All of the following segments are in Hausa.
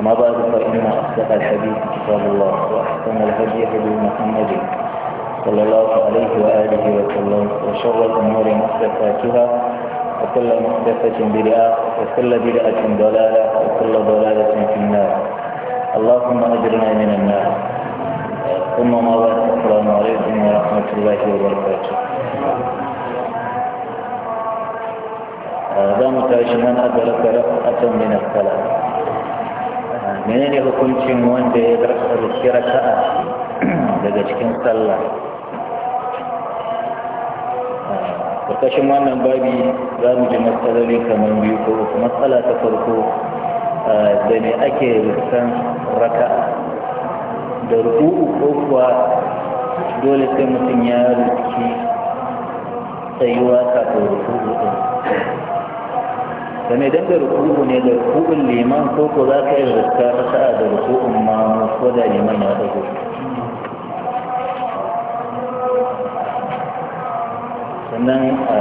ما بعد فإن أصدق الحديث كتاب الله وأحسن الهدي هدي محمد صلى الله عليه وآله وسلم وشر الأمور محدثاتها وكل محدثة بدعة وكل بدعة ضلالة وكل ضلالة في النار اللهم أجرنا من النار ثم ما بعد السلام عليكم ورحمة الله وبركاته هذا آه، تعيش من أدرك رفعة من السلام mene ne hukuncin wanda ya zarfi raka'a daga cikin sallah karkashin wannan babi za mu ji matsaloli kamar biyu ko uku matsala ta farko da ne ake rikon raka'a da ruku'u ko kuwa dole sai mutum ya rikki tsayuwa kafin ruku'u sannan idan da ruku'u ne da ruku'un liman ko ko za ka yi rikka ta sa'a da ruku'un ma mu ko da liman ya dago sannan a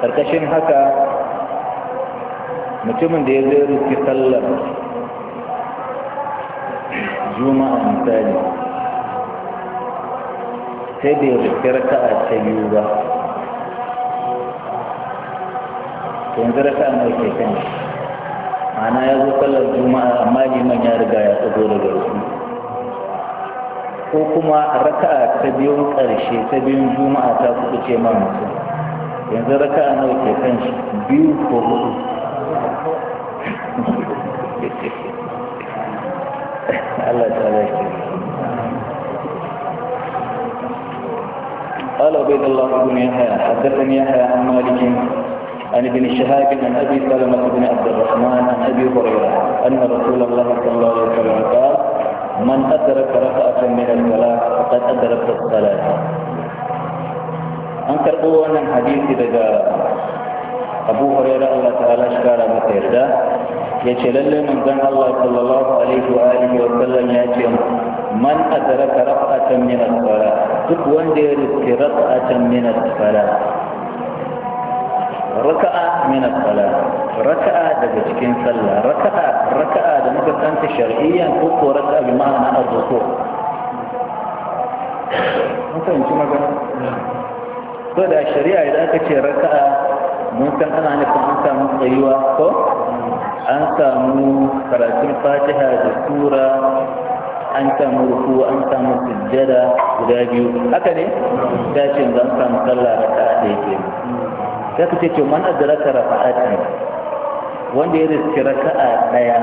karkashin haka mutumin da ya zai rufi sallar juma'a misali sai da ya rufi raka'a ta biyu ba yanzu raka mai ke kan ma'ana ya zo kallar juma'a amma liman ya riga ya tsago daga garsu. ko kuma raka ta biyun karshe ta biyun juma'a ta kuɗu ce man mutum yanzu raka nawa ke kan shi biyu ko hudu Allah ta lafiya قال عبيد الله بن يحيى حدثني يحيى عن مالك عن ابن الشهاب عن ابي سلمه بن عبد الرحمن عن ابي هريره ان رسول الله صلى الله عليه وسلم قال من ادرك رفعه من الولاء فقد ادرك الصلاه انكر قوانا حديث بدا ابو هريره الله تعالى شكرا بخير يا شلل من زن الله صلى الله عليه واله وسلم يا من ادرك رفعه من الصلاه تكون دي رفعه من الصلاه raka'a min as-salat raka'a daga cikin sallah raka'a raka'a da muka kanta shar'iyyan ko ko raka'a bi ma'ana ar-ruku mun fahimci magana ko da shari'a idan aka ce raka'a mun san ana nufin an samu tsayuwa ko an samu karatun fatiha da sura an samu ruku an samu sujjada guda biyu haka ne dacin zan samu sallah raka'a da yake sai ka ce to man adraka rafa'ati wanda ya riski raka'a daya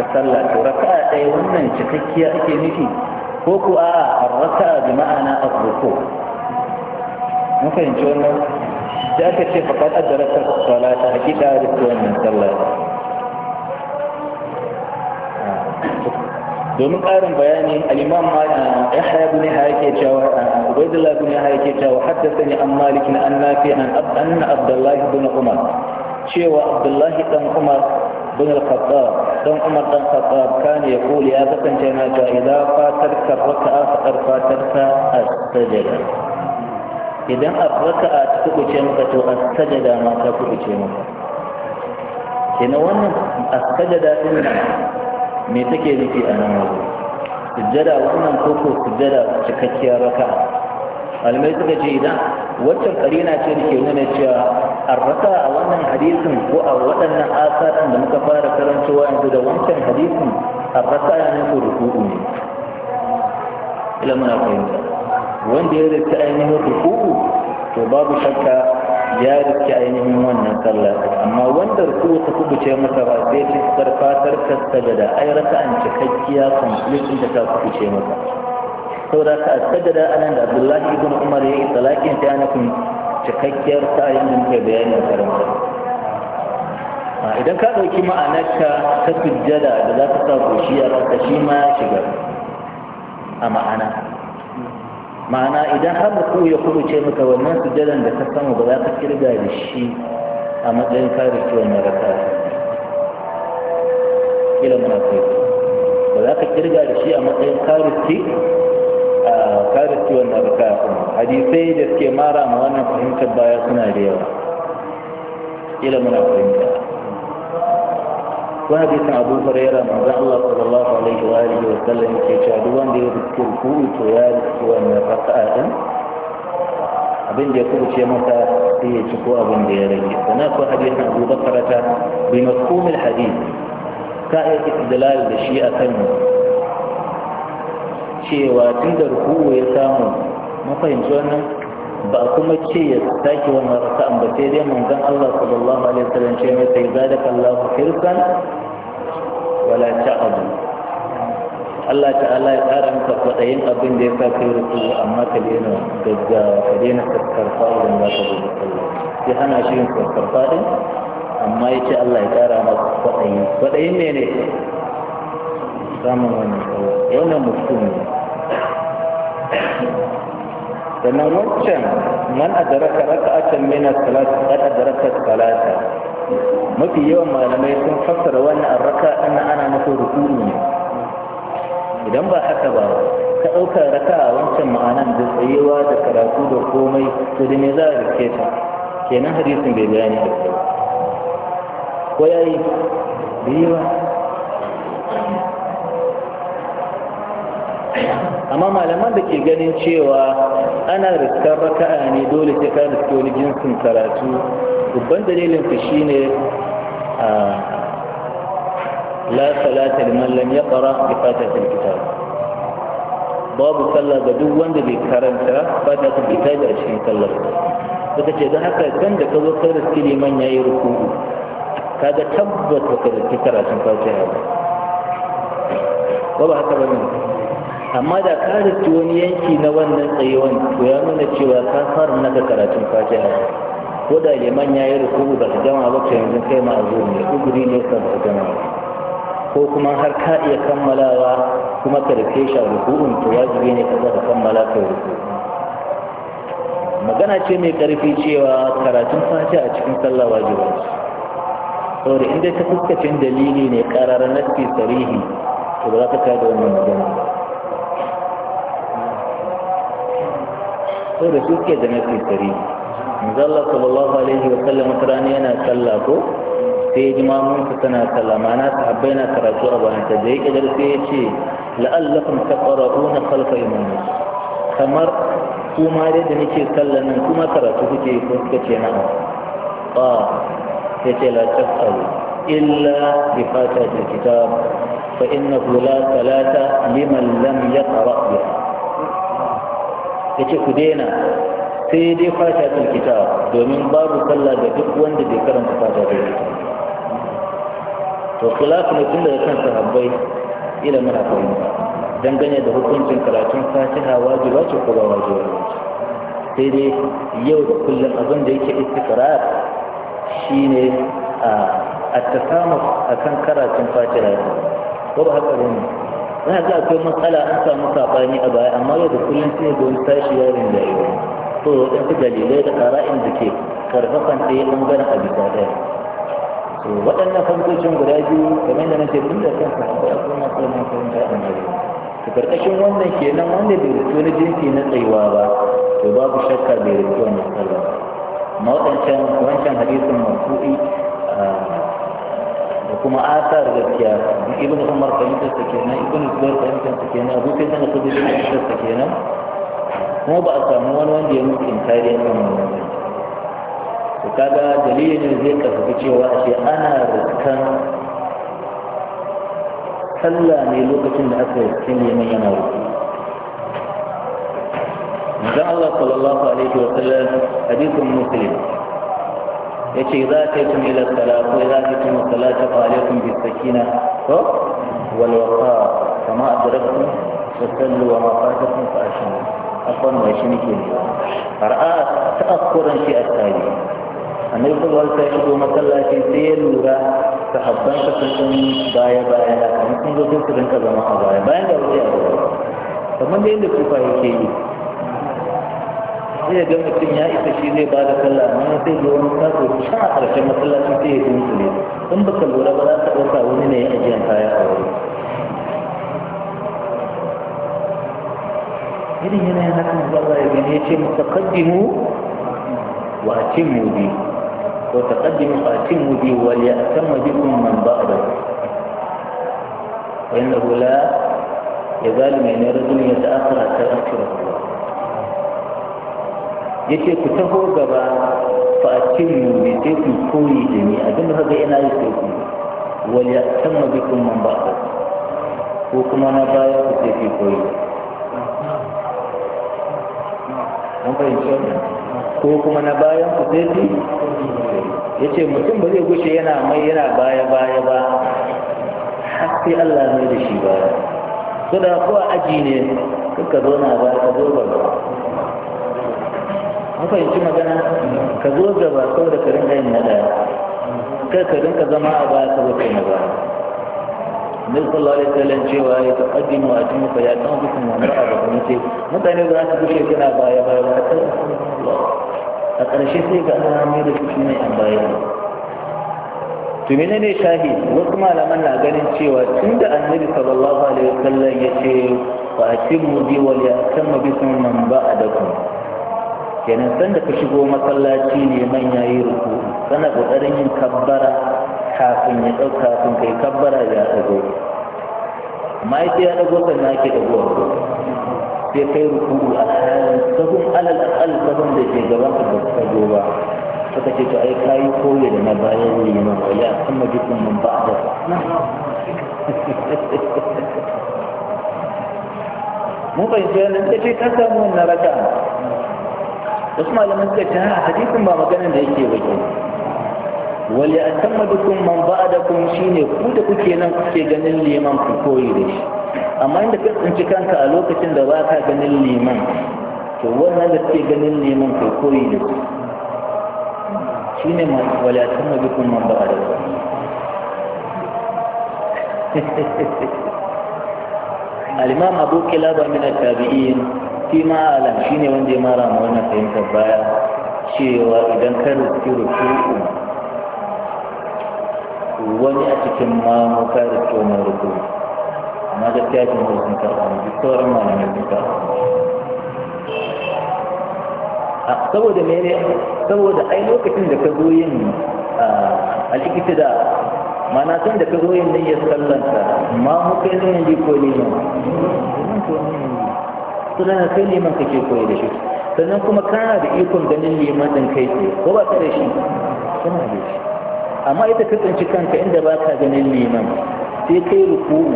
ta sallah to raka'a daya wannan cikakkiya ake nufi ko ku a arraka bi ma'ana arruku mun fahimci wannan da aka ce faqad adraka salata hakika riski wannan sallah domin ƙarin bayani al-imam ya ibn yahya yake cewa ubaydullah ibn yahya yake cewa sani an malik na an nafi an anna abdullahi bin umar cewa abdullahi dan umar ibn al-khattab dan umar dan khattab kana yaqulu ya kasance yana cewa raka'a idan raka'a ta kubuce maka to as-sajda ma ta kubuce maka kenan wannan as-sajda din nan me take nufi a nan wajen sujjada wannan koko sujjada cikakkiyar raka'a malamai suka ce idan waccan karina ce da ke nuna cewa a raka a wannan hadisin ko a waɗannan asarin da muka fara karantawa yanzu da wancan hadisin a raka ya nufin ruku'u ne ila muna fahimta wanda ya rika ainihin ruku'u to babu shakka ya rike ainihin wannan sallar amma wanda ruku ta kubuce masa ba sai ta sarfatar ta sajada ai raka'an cikakkiya complete da ta kubuce masa saboda ka sajada anan da Abdullahi ibn Umar yayi talakin ta yana kun cikakkiyar ta yin da muke bayani karanta idan ka dauki ma'anarka ta sujjada da za ka sa goshi a ranka shi ma ya shiga a ma'ana ma'ana idan har da ya kubuce maka wannan sujadan da ka samu ba za ka kirga da shi a matsayin kare kiwon na raka kila muna kai ba za ka kirga da shi a matsayin kare ki a kare kiwon na raka hadisai da suke mara ma wannan fahimtar baya suna da yawa kila muna fahimta wani hadisi abu huraira manzo Allah sallallahu alaihi wa alihi wa sallam yake cewa duk wanda ya rubuta ruku'u to ya rubuta wannan raka'a din abin da ya kubuce masa sai ya ci ko abin da ya rage sannan akwai hadisin abu bakarata bi mafhumil hadith ka iya istidlal da shi akan cewa tun da ruku'u ya samu mafahimci wannan ba kuma ce ya sake wannan raka'an ba sai dai manzon Allah sallallahu alaihi wasallam ce mai sai zadaka Allah firkan wala ta'ab Allah ta'ala ya tsara maka kwadayin abin da ya sa kai ruku amma ka daina daga ka daina karkarfa idan za ka gudu sallah sai hana shi yin karkarfa din amma ya ce Allah ya tsara maka kwadayi kwadayin ne ne samun wannan wannan mutum ne sannan wancan man adraka raka'atan min salati qad adraka mafi yawan malamai sun fassara wannan raka ana ana nufin rukuni ne idan ba haka ba ka ɗauka raka a wancan ma'anan da tsayewa da karatu da komai to da me za a rike ta kenan hadisin bai bayani da kai ko yayi biyuwa amma malaman da ke ganin cewa ana riskar raka'a ne dole sai ka riske wani jinsin karatu babban dalilin ka shine a la salata liman lam yaqra bi fatatil kitab babu sallah ga duk wanda bai karanta fatatil kitab a cikin sallar suka ce don haka kan da ka zo ka riske liman yayi ruku'u ga tabbata ka riske karatun fatiha ba ba haka ba ne amma da ka rufe wani yanki na wannan tsayewan to ya nuna cewa ka fara naka karatun fatiha ko da liman ya yi rukuku ba su gama ba ta yanzu kai ma zo ne uguri ne ka ba gama ko kuma har ka iya kammalawa kuma ka rufe shi a to wajibi ne ka zaka kammala ka rukuku magana ce mai karfi cewa karatun fatiha a cikin sallah wajibi saboda inda ta fuskacin dalili ne ƙarar nasi sarihi to ba za ka kada wannan magana so da su ke da nafi sari manzallah sallallahu alaihi wa sallam wata yana sallah ko sai jimamunsa tana sallah ma'ana sahabbai na karatu a bayanta da ya ƙidar sai ya ce la'allakum taqra'una khalfa imamikum kamar kuma dai da nake sallan nan kuma karatu kuke ko suka ce na ba ya ce la tasalu illa bi fatatil kitab fa innahu la salata liman lam yaqra biha ya ce ku daina sai dai fata tulkita domin babu sallah da duk wanda bai karanta fata tulkita to khilafu ne tun daga kan sahabbai ila mana dangane da hukuncin karatun fatiha wajiba ce ko ba wajiba sai dai yau da kullum abin da yake istikrar shine a a tasamu akan karatun fatiha ko ba haka ne za ga akwai matsala an samu sabani a baya amma yau da kullum sai ga wani tashi yarin da yawa to waɗansu dalilai da ƙara'in da ke karfafan ɗaya ɓangaren a bisa ɗaya to waɗannan fankocin guda biyu kamar da nake tun da kansa akwai akwai masu makaranta a mare to karkashin wannan kenan wanda bai rubuto na jinsi na tsayuwa ba to babu shakka bai rubuto wannan tsalla ma waɗancan wancan hadisin mafu'i ah, kuma asar gaskiya ibn umar fahimtar sa kenan ibn zubair fahimtar sa kenan abu kai sana kudu fahimtar sa kenan kuma ba a samu wani wanda ya mutu inkari a kan wannan ba to kaga dalilin ne zai karfafi cewa ashe ana riskan sallah ne lokacin da aka riskin neman yana rufe manzon Allah sallallahu alaihi wa sallam hadithun muslim yace idza taytum ila salat wa idza taytum salat fa alaykum bis sakina to wal waqa kama adraktum fasallu wa ma fatakum fa ashmu afwan wa shi nake ne far'a ta'akkuran fi asali annabi sallallahu alaihi wasallam shigo masallaci sai ya lura sahabban ka sun baya baya da kan sun zo sun rinka zama a baya bayan da wuce a gaba kamar da yadda kufa yake yi sai ga mutum ya isa shi zai ba da sallah amma sai ga wani kaso can a ƙarshen masallacin sai ya dunkule in ba ka lura ba za ka ɗauka wani ne ya ajiyar kaya a wuri irin yanayin haka mu zaba ya gani ya ce mutaqaddimu wa cin atimmu bi wa taqaddimu wa atimmu bi wa liya'tamma bikum man ba'da wa innahu la ne min rajulin yata'akhkhara ta'akhkhara Allah ya ce ku taho gaba fa a cin mu ne sai ku koyi da ni abin da kaga yana yi ku wal ya tamma bikum man ba ko kuma na baya ku sai ku koyi an fahimci ko kuma na bayan ku sai ku ya ce mutum ba zai gushe yana mai yana baya baya ba har sai Allah mai da shi baya ko da ko aji ne kuka zo na ba ka zo ba fahimci magana ka zo gaba saboda ka rinka yin na ɗaya kar ka rinka zama a baya saboda kai na baya Nabi sallallahu alaihi wasallam cewa ya taqaddimu wa atimu fa ya kan bikum wa mar'a ba kuma ce mutane za su gushe kana baya baya ba ta a ƙarshe sai ga ana mai da shi ne an baya to ne shahi wasu malaman na ganin cewa tun da annabi sallallahu alaihi wasallam ya ce fa atimu bi wal yatamma bikum man ba'adakum kenan sanda ka shigo masallaci ne manya yi ruku kana kokarin yin kabbara kafin ya dauka kafin kai kabbara ya dago amma sai ya dago sannan ake dago sai kai ruku a halin sabon alal akal sahun da ke gaban ka ba ka zo ba suka ce to ai kayi koyi da na bayan liman wala kuma jikin mun ba da mu bai ce nan kace ka samu wannan raka'a اسمعوا لما انت جاء حديث ما مكان ده يجي وجهه من بعدكم شيني كودا كوكي نان كوكي جنن ليمان كوكوي ريش اما انت كنت انت كانت الوكة تند واقع جنن ليمان فوالنا لكي جنن ليمان كوكوي ريش شيني ابو كلاب من التابعين shi ma alam shi ne wanda ya mara ma wannan fahimtar baya cewa idan ka rufe ruku'u wani a cikin mamu ka rufe wani ruku'u amma gaskiya shi mawar sun karɓa ne duk sauran na sun A saboda mene saboda ai lokacin da ka zo yin a likita da mana tun da ka zo yin niyyar sallanta ma muka yi niyyar ko ne ne to da kai neman kake koyi da shi sannan kuma kana da ikon ganin neman din kai tsaye ko ba ka da shi kana da shi amma ita ka tsinci kanka inda ba ka ganin neman sai kai ruku'u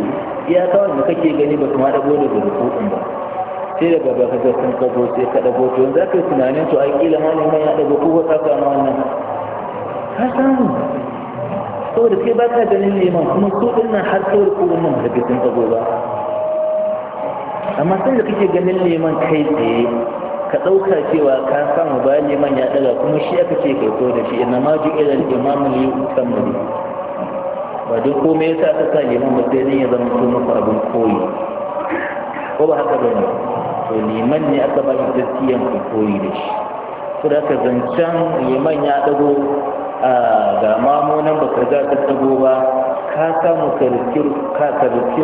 iya kawai da kake gani ba kuma dago da ruku'un ba sai daga ba ka ka kago sai ka dago to yanzu aka yi tunanin to ai kila ma neman ya dago ko ba ka ma wannan ka samu saboda kai ba ka ganin neman kuma su ɗin nan har sai ruku'un nan da sun tsinci ba amma sun da kake ganin neman kai tsaye ka ɗauka cewa ka samu bayan neman ya ɗaga kuma shi aka ce kai ko da shi ina ma ju irin imamu li utammu ba duk komai yasa ka sa neman ba sai dan ya zama so maka abin koyi ko ba haka ba ne? to liman ne aka ba shi gaskiyan ka koyi da shi ko da ka zancen neman ya ɗago a ga mamonan ba ka ga ka ɗago ba ka samu ka riski ka riski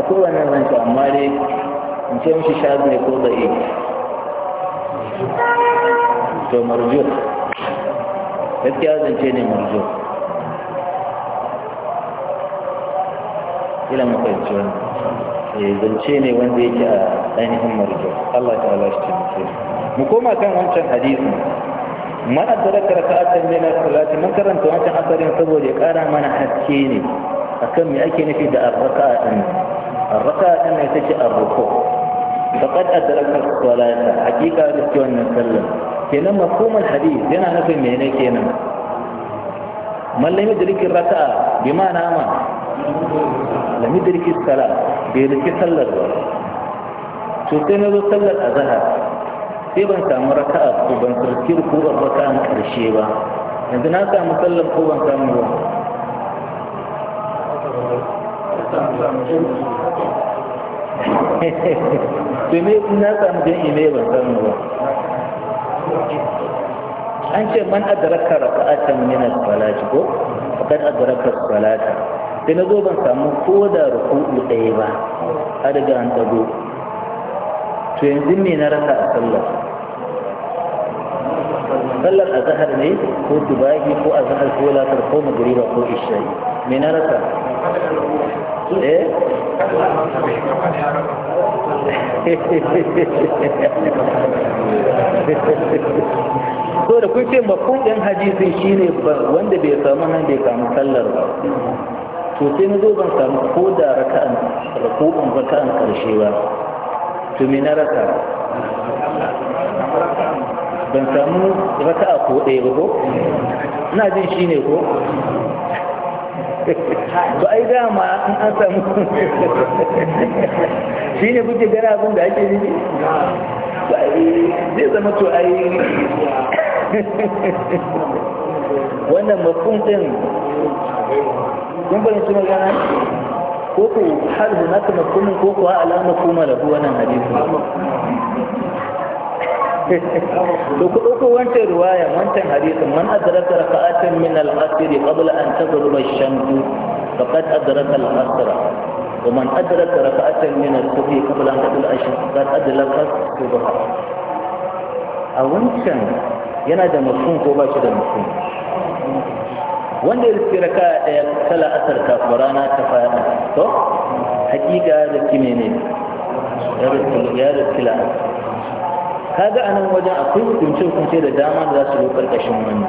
akwai wannan ranta amma dai in ce mishi shazu ne ko da iya to marjo gaskiya zance ne marjo ila mafarci wani zance ne wanda yake a ainihin marjo Allah ta ala shi ce mu koma kan wancan hadisin man adraka raka'atan min as-salati mun karanta wancan asarin saboda ya kara mana haske ne akan me ake nufi da ar-raka'a din الركعة أن يتجي الركوع فقد أدرك الصلاة حقيقة رسول الله صلى كنا مفهوم الحديث هنا نفهم هنا كنا من لم يدرك الركعة بما نام لم يدرك الصلاة بيدرك صلى الله سوتين sallar صلى الأزهر sai ban samu raka a ko ban sarki raka raka'an karshe ba yanzu na samu sallar ko ban domin na samu jami'i ne ban samu ba an ce man adraka a can as-salati ko faqad adraka as-salata sai na zo ban samu ko da ruku'u ɗaya ba har daga an dago to yanzu me na rasa a sallar sallar zahar ne ko tubahi ko azhar ko latar ko magriba ko isha'i me na rasa eh so da kuke ce mafudin hadisin shine wanda bai samu nan bai samu sallar ba to sai na zo ban samu ko da raka'an raka'an raka'an karshe ba to me na raka ban samu raka'a ko ɗaya ba ko ina jin shine ko to ai dama an an samu shi ne kuke gana abin da ake nufi zai zama to ai wannan mafin din kun suna gana ko ku zunaka hunaka mafhumin ko ku alama kuma da wannan hadisi to ku ɗauko wancan ruwaya wancan hadisin man adraka raka'atan min al-asri qabla an taghrub ash-shamsu faqad adraka al-asra wa man adraka raka'atan min as-subhi qabla an taghrub ash-shamsu faqad adraka as-subha a wancan yana da mafhum ko ba shi da mafhum wanda ya rufe raka ɗaya kala asar kafin rana ta fara to hakika da kime ne ya rufe la'asar kaga anan wajen akwai hukunce-hukunce da dama da za su yi ƙarƙashin wani.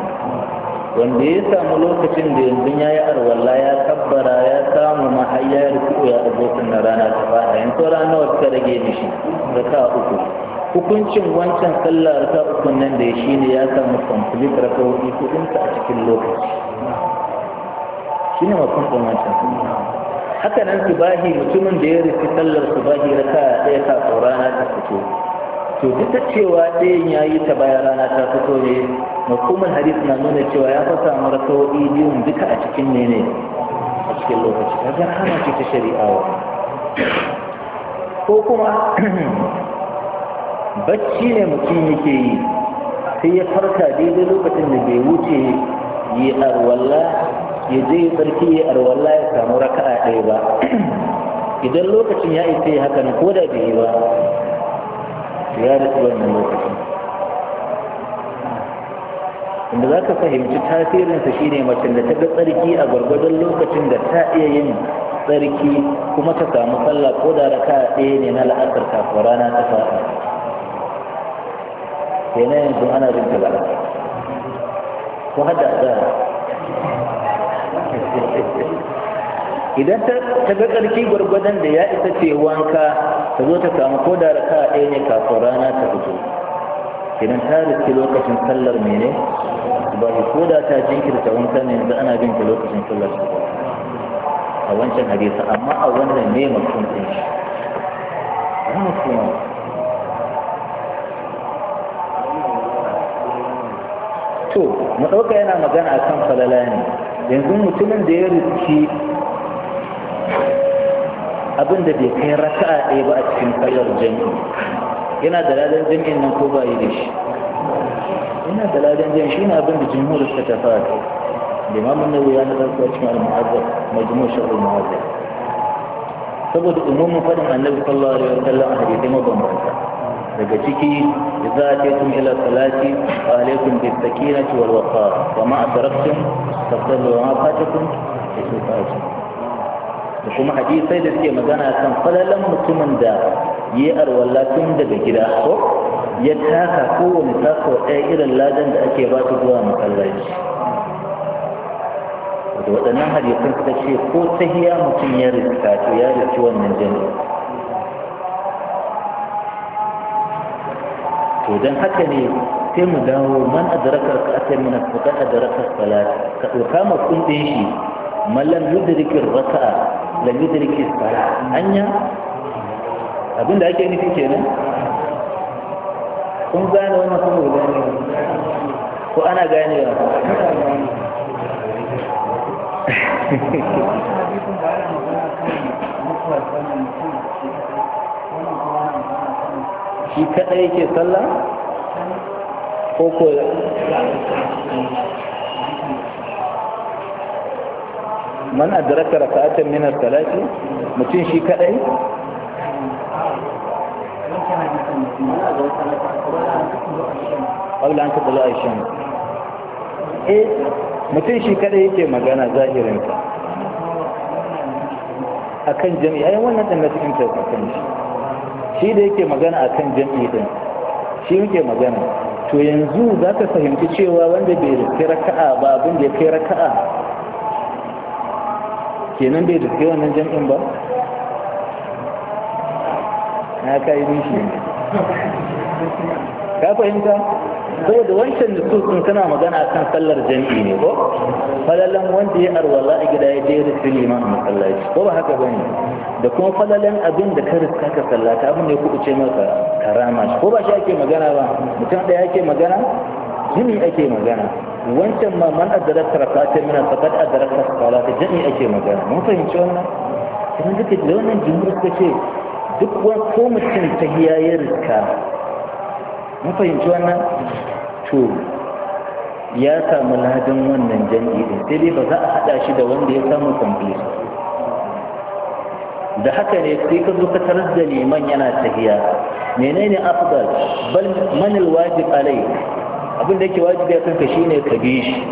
wanda ya samu lokacin da yanzu ya yi arwalla ya tabbara, ya samu mahayya ya rufu ya abokin na rana ta fada yanzu rana wata rage shi? da raka uku hukuncin wancan sallah raka uku nan da ya shi ne ya samu complete raka uku kudinsa a cikin lokaci shi ne mafi wancan haka nan subahi mutumin da ya rufe sallar subahi raka ɗaya kafin rana ta fito to duk da cewa ɗayan ya yi ta baya rana ta fito ne hukumar hadis na nuna cewa ya fi samu rasawo'i biyun duka a cikin ne ne a cikin lokaci kaga hana ce ta shari'a wa ko kuma bacci ne mutum yake yi sai ya farka daidai lokacin da bai wuce yi arwalla ya je sarki ya arwalla ya samu raka'a ɗaya ba idan lokacin ya isa hakan ko da bai yi ba ya rasu wannan lokacin inda za ka fahimci tasirinsa shi ne macin da ta ga tsarki a gwargwadon lokacin da ta iya yin tsarki kuma ta samu sallah ko da raka ɗaya ne na la'asar kafin rana ta fara kenan yanzu ana rinta ba ko hada da idan ta ga tsarki gwargwadon da ya isa ce wanka ta zo ta samu ko da raka a ɗaya ne kafin rana ta fito idan ta riske lokacin sallar mene ba ki ko da ta jinkirta wankan yanzu ana bin ta lokacin sallar su a wancan hadisa amma a wannan ne mutum ɗin shi to mu ɗauka yana magana akan falala ne yanzu mutumin da ya riski abin da bai kai raka'a ɗaya ba a cikin sallar jami'i yana da ladan jami'in nan ko ba yi da shi yana da ladan jami'i shi ne abin da jimhur suka tafi a kai limamin nawawi ya nazar su cikin al-mu'azzab majmu' sharh al-mu'azzab saboda umumin fadin annabi sallallahu alaihi wasallam a hadisi mabambanta daga ciki idza ataytum ila salati fa alaykum bis sakinati wal waqar wa ma taraktum faqad wa ma fatakum fa da kuma hadisai da suke magana kan falalan mutumin da ya yi arwalla tun daga gida ko ya taka kowane tako ɗaya irin ladan da ake ba su zuwa masallaci da waɗannan hadisan suka ce ko tahiya mutum ya riska to ya riski wannan jami'a to don haka ne sai mu dawo man adarakar ka aka mina faqad adarakar salat ka doka ma kundin shi mallam yudrikin raka'a lam yudrikin sala anya abinda ake nufi kenan kun gane wannan kuma gane ko ana gane ganewa shi kadai yake sallah ko ko man adraka raka'atan min as-salati mutum shi kadai qawlan ka bala aishan eh mutum shi kadai yake magana zahirin akan jami'a. ai wannan dan nasu in kan shi shi da yake magana akan jami'i din shi yake magana to yanzu za ka fahimci cewa wanda bai raka'a ba abin da ya kai raka'a kenan bai riske wannan jam'in ba na kai nishi ka fahimta saboda wancan da sun kana magana kan sallar jam'i ne ko falalan wanda ya arwala a gida ya je da silima a masallaci ko ba haka bane da kuma falalan abin da ka riska ka sallata abin da ya ce maka karama ko ba shi ake magana ba mutum ɗaya ake magana jini ake magana wancan ma man addarar karata ta mina fakat addarar kasala ta jami ake magana mun fahimci wannan kuma duka da wannan jumhur suka ce duk wa ko mutum ta ya rika, mun fahimci wannan to ya samu ladan wannan jami'i din sai dai ba za a hada shi da wanda ya samu kwamfiyar da haka ne sai ka zo ka tarar da liman yana tahiya menene Afgal bal manil wajib alai abin da yake wajibi a ka shine ka bi shi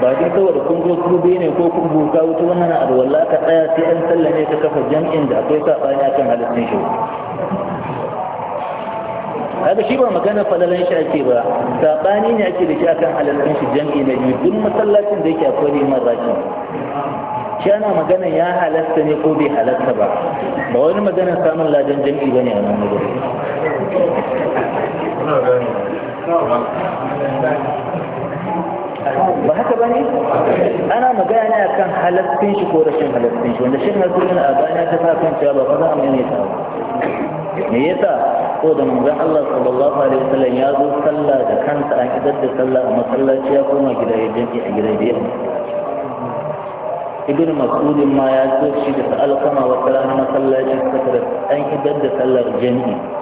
ba dai saboda kun zo ku bi ne ko kun buka wuce wannan alwala ka tsaya sai an sallame ka kafa jam'in da akwai sabani akan halittun shi kaga shi ba magana falalan shi ake ba sabani ne ake da shi akan halittun shi jam'i na biyu duk masallacin da yake akwai liman raki shi ana magana ya halasta ne ko bai halasta ba ba wani magana samun ladan jam'i ba ne a nan gudu ba haka ba ne ana magana kan halattun shi ko rashin halattun shi wanda shi na zuwa a bayan ta sa kan cewa ba ba za a mai ta ba me yasa ko da manzon Allah sallallahu alaihi wasallam ya zo sallah da kansa an idar da sallah a masallaci ya koma gida ya danki a gida da yamma ibn mas'udin ma ya zo shi da alkama wata rana masallaci suka an idar da sallar jami'i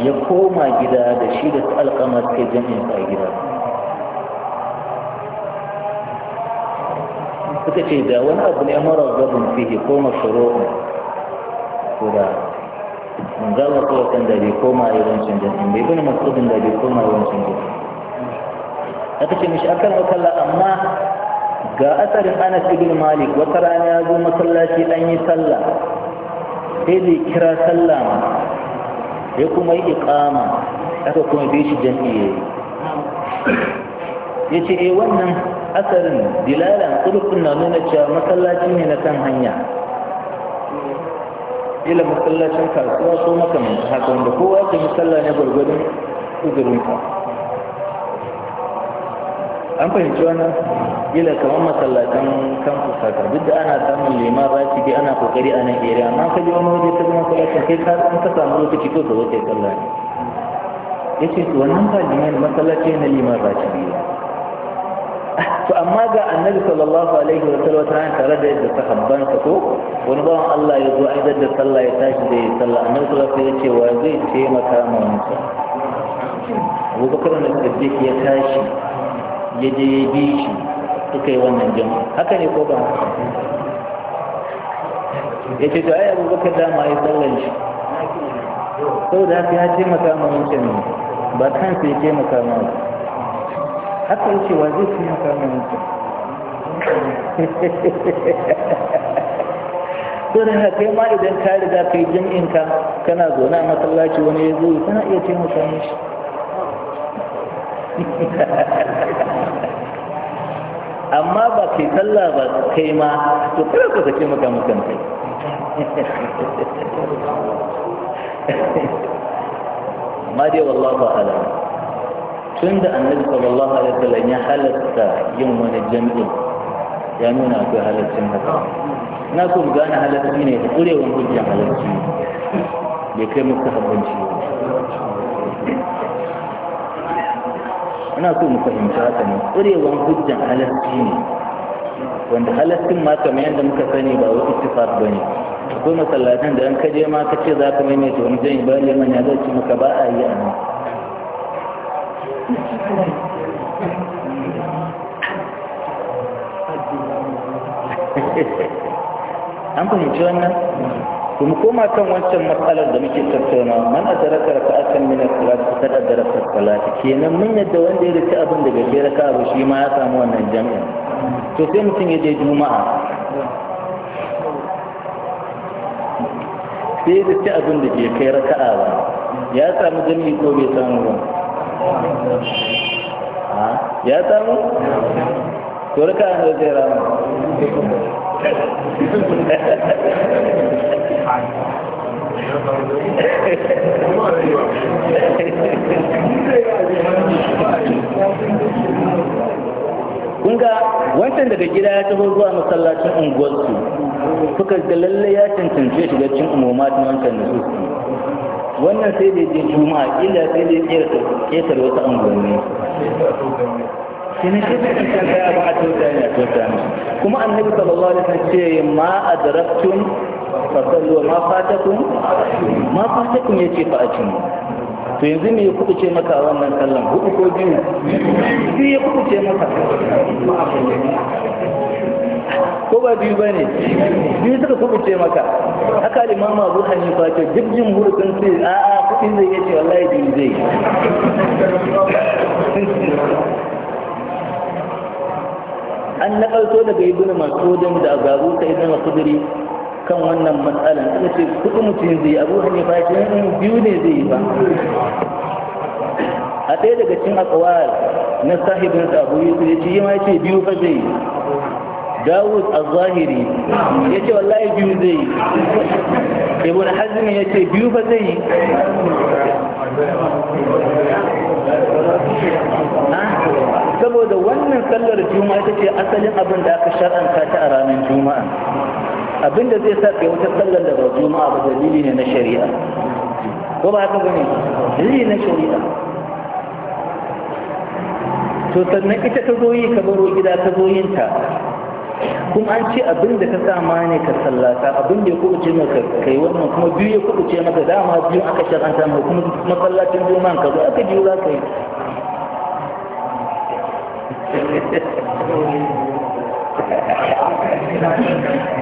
ya koma gida da shi da su alƙama suke jami'in a gida suka ce da wani abu ne mara gabin fiye ko mashuru'un ko da manzala kowatan da bai koma yi wancan jami'in bai gani masudin da bai koma yi wancan jami'in aka ce mishi akan wakalla amma ga asarin anas ibn malik wata rana ya zo masallaci an yi sallah sai zai kira sallah ya kuma yi iqama aka kuma bi shi jami'i ya ce eh wannan asarin dilalan kulufin na nuna cewa masallaci ne na kan hanya ila masallacin kasuwa ko makamanci haka wanda kowa ya kan yi sallah ne gwargwadon uzurinka an fahimci wannan gila kamar masallatan campus haka duk da ana samun liman rashi dai ana kokari a nan area amma ka je wani waje ta zama masallacin kai ka in ka samu lokaci ko ka zo kai sallah ya ce su wannan ba liman masallaci na liman rashi biyu to amma ga annabi sallallahu alaihi wa sallam ta tare da yadda sahabban ka ko wani bawan Allah ya zo aidar da sallah ya tashi da ya sallah annabi sallallahu alaihi wa sallam ya ce wa zai taimaka ma wancan Abubakar da Siddiq ya tashi ya je ya bi shi suka yi wannan jama'a haka ne ko ba ya ce to ai abubakar dama ya sallan shi da haka ya taimaka ma mutane, ba sai ke taimaka ma haka ya ce wa zai taimaka ma wancan saboda haka kai ma idan ka riga kai jam'inka kana zaune a masallaci wani ya zo kana iya taimaka mishi amma ba kai sallah ba kai ma to kada ka sake maka mukan kai amma dai ala tun da annabi sallallahu alaihi wasallam ya halatta yin wani jami'i ya nuna akwai halaccin haka na ku gane halacci ne da kurewan hujjan halacci bai kai muka habbanci ba ina so mu fahimta haka ne tsirewan hujjan halarci ne wanda halarcin ma kamar yadda muka sani ba wata tufa ba ne akwai masallatan da an kaje ma ka ce za ka maimaita wani zai ba ne, ya zai ci maka ba a yi a an fahimci wannan to mu koma kan wancan matsalar da muke tattauna man adraka raka'atan min ta salat faqad adraka ka salat kenan mun yadda wanda ya rike abin daga ke raka ba shi ma ya samu wannan jami'a to sai mutum ya je juma'a sai ya rike abin da ke kai raka'a ba ya samu jami'i ko bai samu ba ya samu to raka'a ne zai rama kunga wancan daga gida ya taho zuwa masallacin unguwarsu suka ga ya cancance shiga cikin umumatin wancan da suke wannan sai da je juma'a ila sai da ya ƙetar wata unguwanni kini ce ne kan kaya ba a tauta ne a tauta kuma annabi sallallahu alaihi wasallam ce ma adraktum fasallu ma fatakum ma fatakum yace fa acin to yanzu me ya kuɓuce maka a wannan sallan hudu ko biyu shi ya kuɓuce maka ko ba biyu ba ne biyu suka kubuce maka haka limama abu hanifa ce duk jin hurukun su a a kuɗi zai ya ce wallahi biyu zai an nakalto daga ibn masudin da gabu ta na masudiri kan wannan matsalan suka ce kudu mutum zai abu hanifa fashin ce biyu ne zai yi ba a ɗaya daga cin akwai na sahibin abu yusuf ya ce yi ma ce biyu fa zai yi dawud a zahiri ya ce wallahi biyu zai yi ibn hazm ya ce biyu fa zai yi ah, saboda wannan sallar juma'a ita ce asalin abin da aka shar'anta ta a ranar juma'a abinda zai sa kai wata sallar da ba juma'a ba dalili ne na shari'a ko ba haka bane dalili na shari'a to sannan ita ta zo yi ka baro gida ta zo yin ta kuma an ce abin da ka ma ne ka sallata abin da ya kubuce maka kai wannan kuma biyu ya kubuce maka dama biyu aka shar'anta maka kuma masallacin juma'a ka zo aka biyu za ka yi Thank you.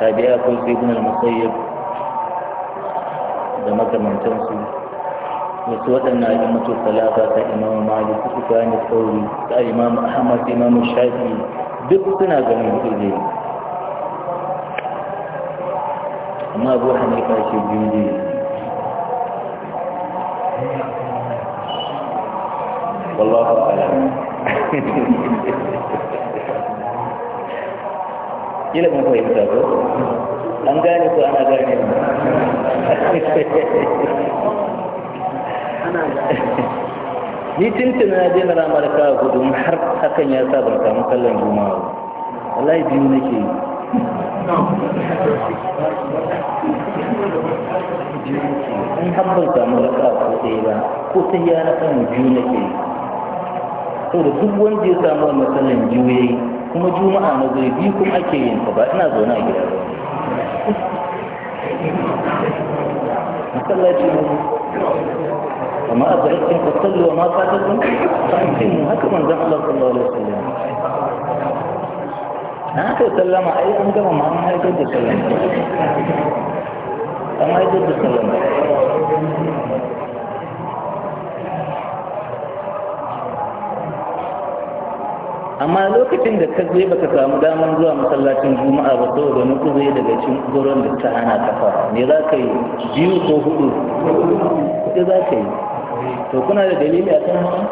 تابعي أقول سيدنا المصيب إذا مكر من تنسي وسوتنا أئمة الثلاثة إمام مالك سفيان الثوري إمام أحمد إمام الشافعي دقنا جميل إذن أما أبو حنيفة الشيخ والله أعلم kila mun fahimta ko an gane ko ana gane ni tuntuna na daina ramar kawo gudun har hakan ya sa ban samu kallon juma'a wallahi biyu nake yi in habbar samu raka ko ɗaya ba ko ta yi na kan biyu nake yi saboda duk wanda ya samu wannan sallan biyu ya yi kuma juma'a na zai bi kuma ake yin ta ba ina zaune a gida ba masallaci ne amma a zarafin fasalli wa mata ta sun fahimtin haka man zan Allah sallallahu alaihi wasallam na haka sallama ai an gama ma an haifar da sallama amma haifar da sallama amma lokacin da ka zai baka samu daman zuwa masallacin juma'a ba to da wani zai daga cikin goron da ta hana kafa me za ka yi biyu ko hudu kuɗi za ka yi to kuna da dalili a kan haka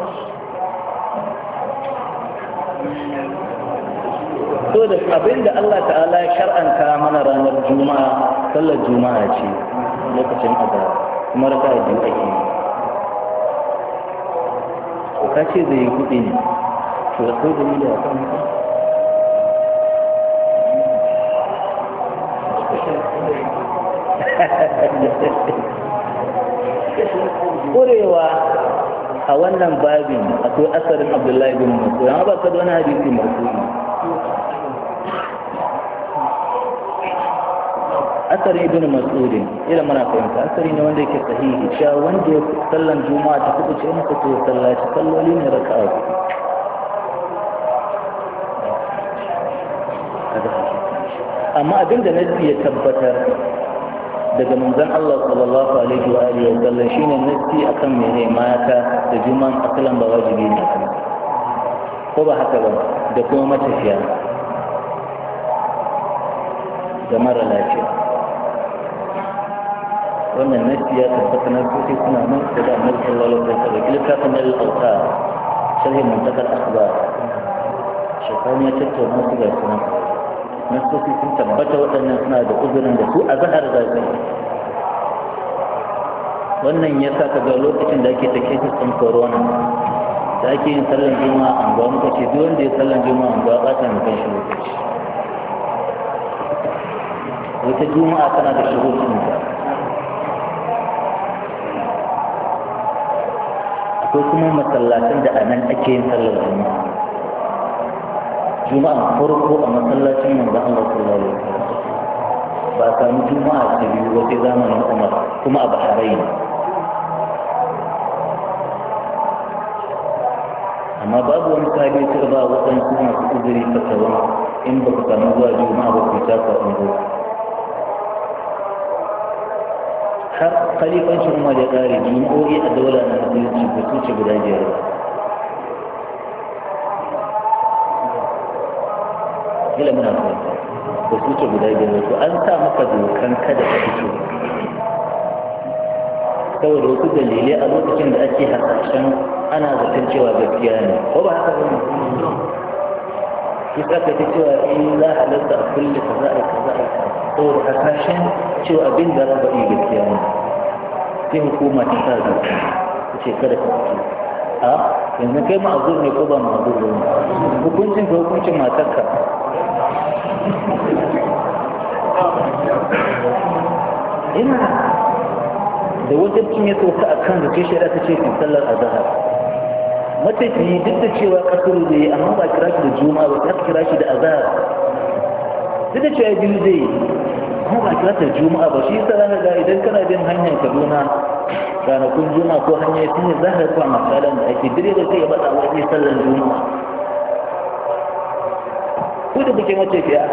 to da abin da Allah ta'ala ya shar'anta mana ranar juma'a sallar juma'a ce lokacin azhar kuma raka'a biyu ake yi ka ce zai yi kuɗi ne ويقول لي لا أفهم ƙurewa a wannan babin akwai asarin abdullahi bin masu yana ba ka da wani hadisi masu asarin ibn mas'udin ila mana fahimta asari ne wanda yake sahihi cewa wanda ya sallan juma'a ta kuɓuce masa to sallaci salloli ne raka'a amma abin da nasi ya tabbatar daga manzon Allah sallallahu alaihi wa alihi wa sallam shine nasi akan mene mata da juman akalan ba wajibi ne ko ba haka ba da kuma matafiya da mara lafiya wannan nasi ya tabbata na sosai suna mun da da annabi sallallahu alaihi wa sallam littafin al-awtar sharhi muntakal akhbar shekani ya tattauna su ga sunan nasosi sun tabbata waɗannan suna da uzurin da su a zahar zafi wannan ya sa ga lokacin da ake take ɗin corona da ake yin sallan juma'a a anguwa muka ce duk wanda ya sallan juma'a anguwa ɓata mu kan shi lokaci wata juma'a tana da shigo cikin ta akwai kuma masallatan da a nan ake yin sallar juma'a juma'a farko a masallacin manzo Allah sallallahu alaihi wasallam ba a samu juma'a ta biyu ba sai zamanin Umar kuma a Bahrain amma babu wani sabi ta ba waɗansu masu uzuri fasawa in ba ku samu zuwa juma'a ba ku ta ka ungo har khalifancin Umar ya kare juma'o'i a daular na musulunci ba su ce guda biyar ba kila muna fahimta da su ce guda biyar to an sa maka dokan kada ka fito saboda wasu dalilai a lokacin da ake hasashen ana zaton cewa gaskiya ne ko ba haka ba ne yasa ka ta cewa in za a lasta a kulle ka za a yi ka za a yi ka saboda hasashen cewa abin da za ka yi gaskiya ne sai hukuma ta sa doka ta ce kada ka fito a yanzu kai ma'azur ne ko ba ma'azur ne hukuncin ka hukuncin matarka ina da cin ya sauka a kan zuke shaida ta ce fi sallar azahar matafiyi duk da cewa da zai amma ba kira shi da juma'a ba ta kira shi da azahar duk da cewa biyu zai amma ba kira shi da juma'a ba shi yasa zaka ga idan kana bin hanyar kaduna ranakun juma'a ko hanyar sun za ka kwa masalan da ake direba kai ya bada wani sallar juma'a ko da kuke matafiya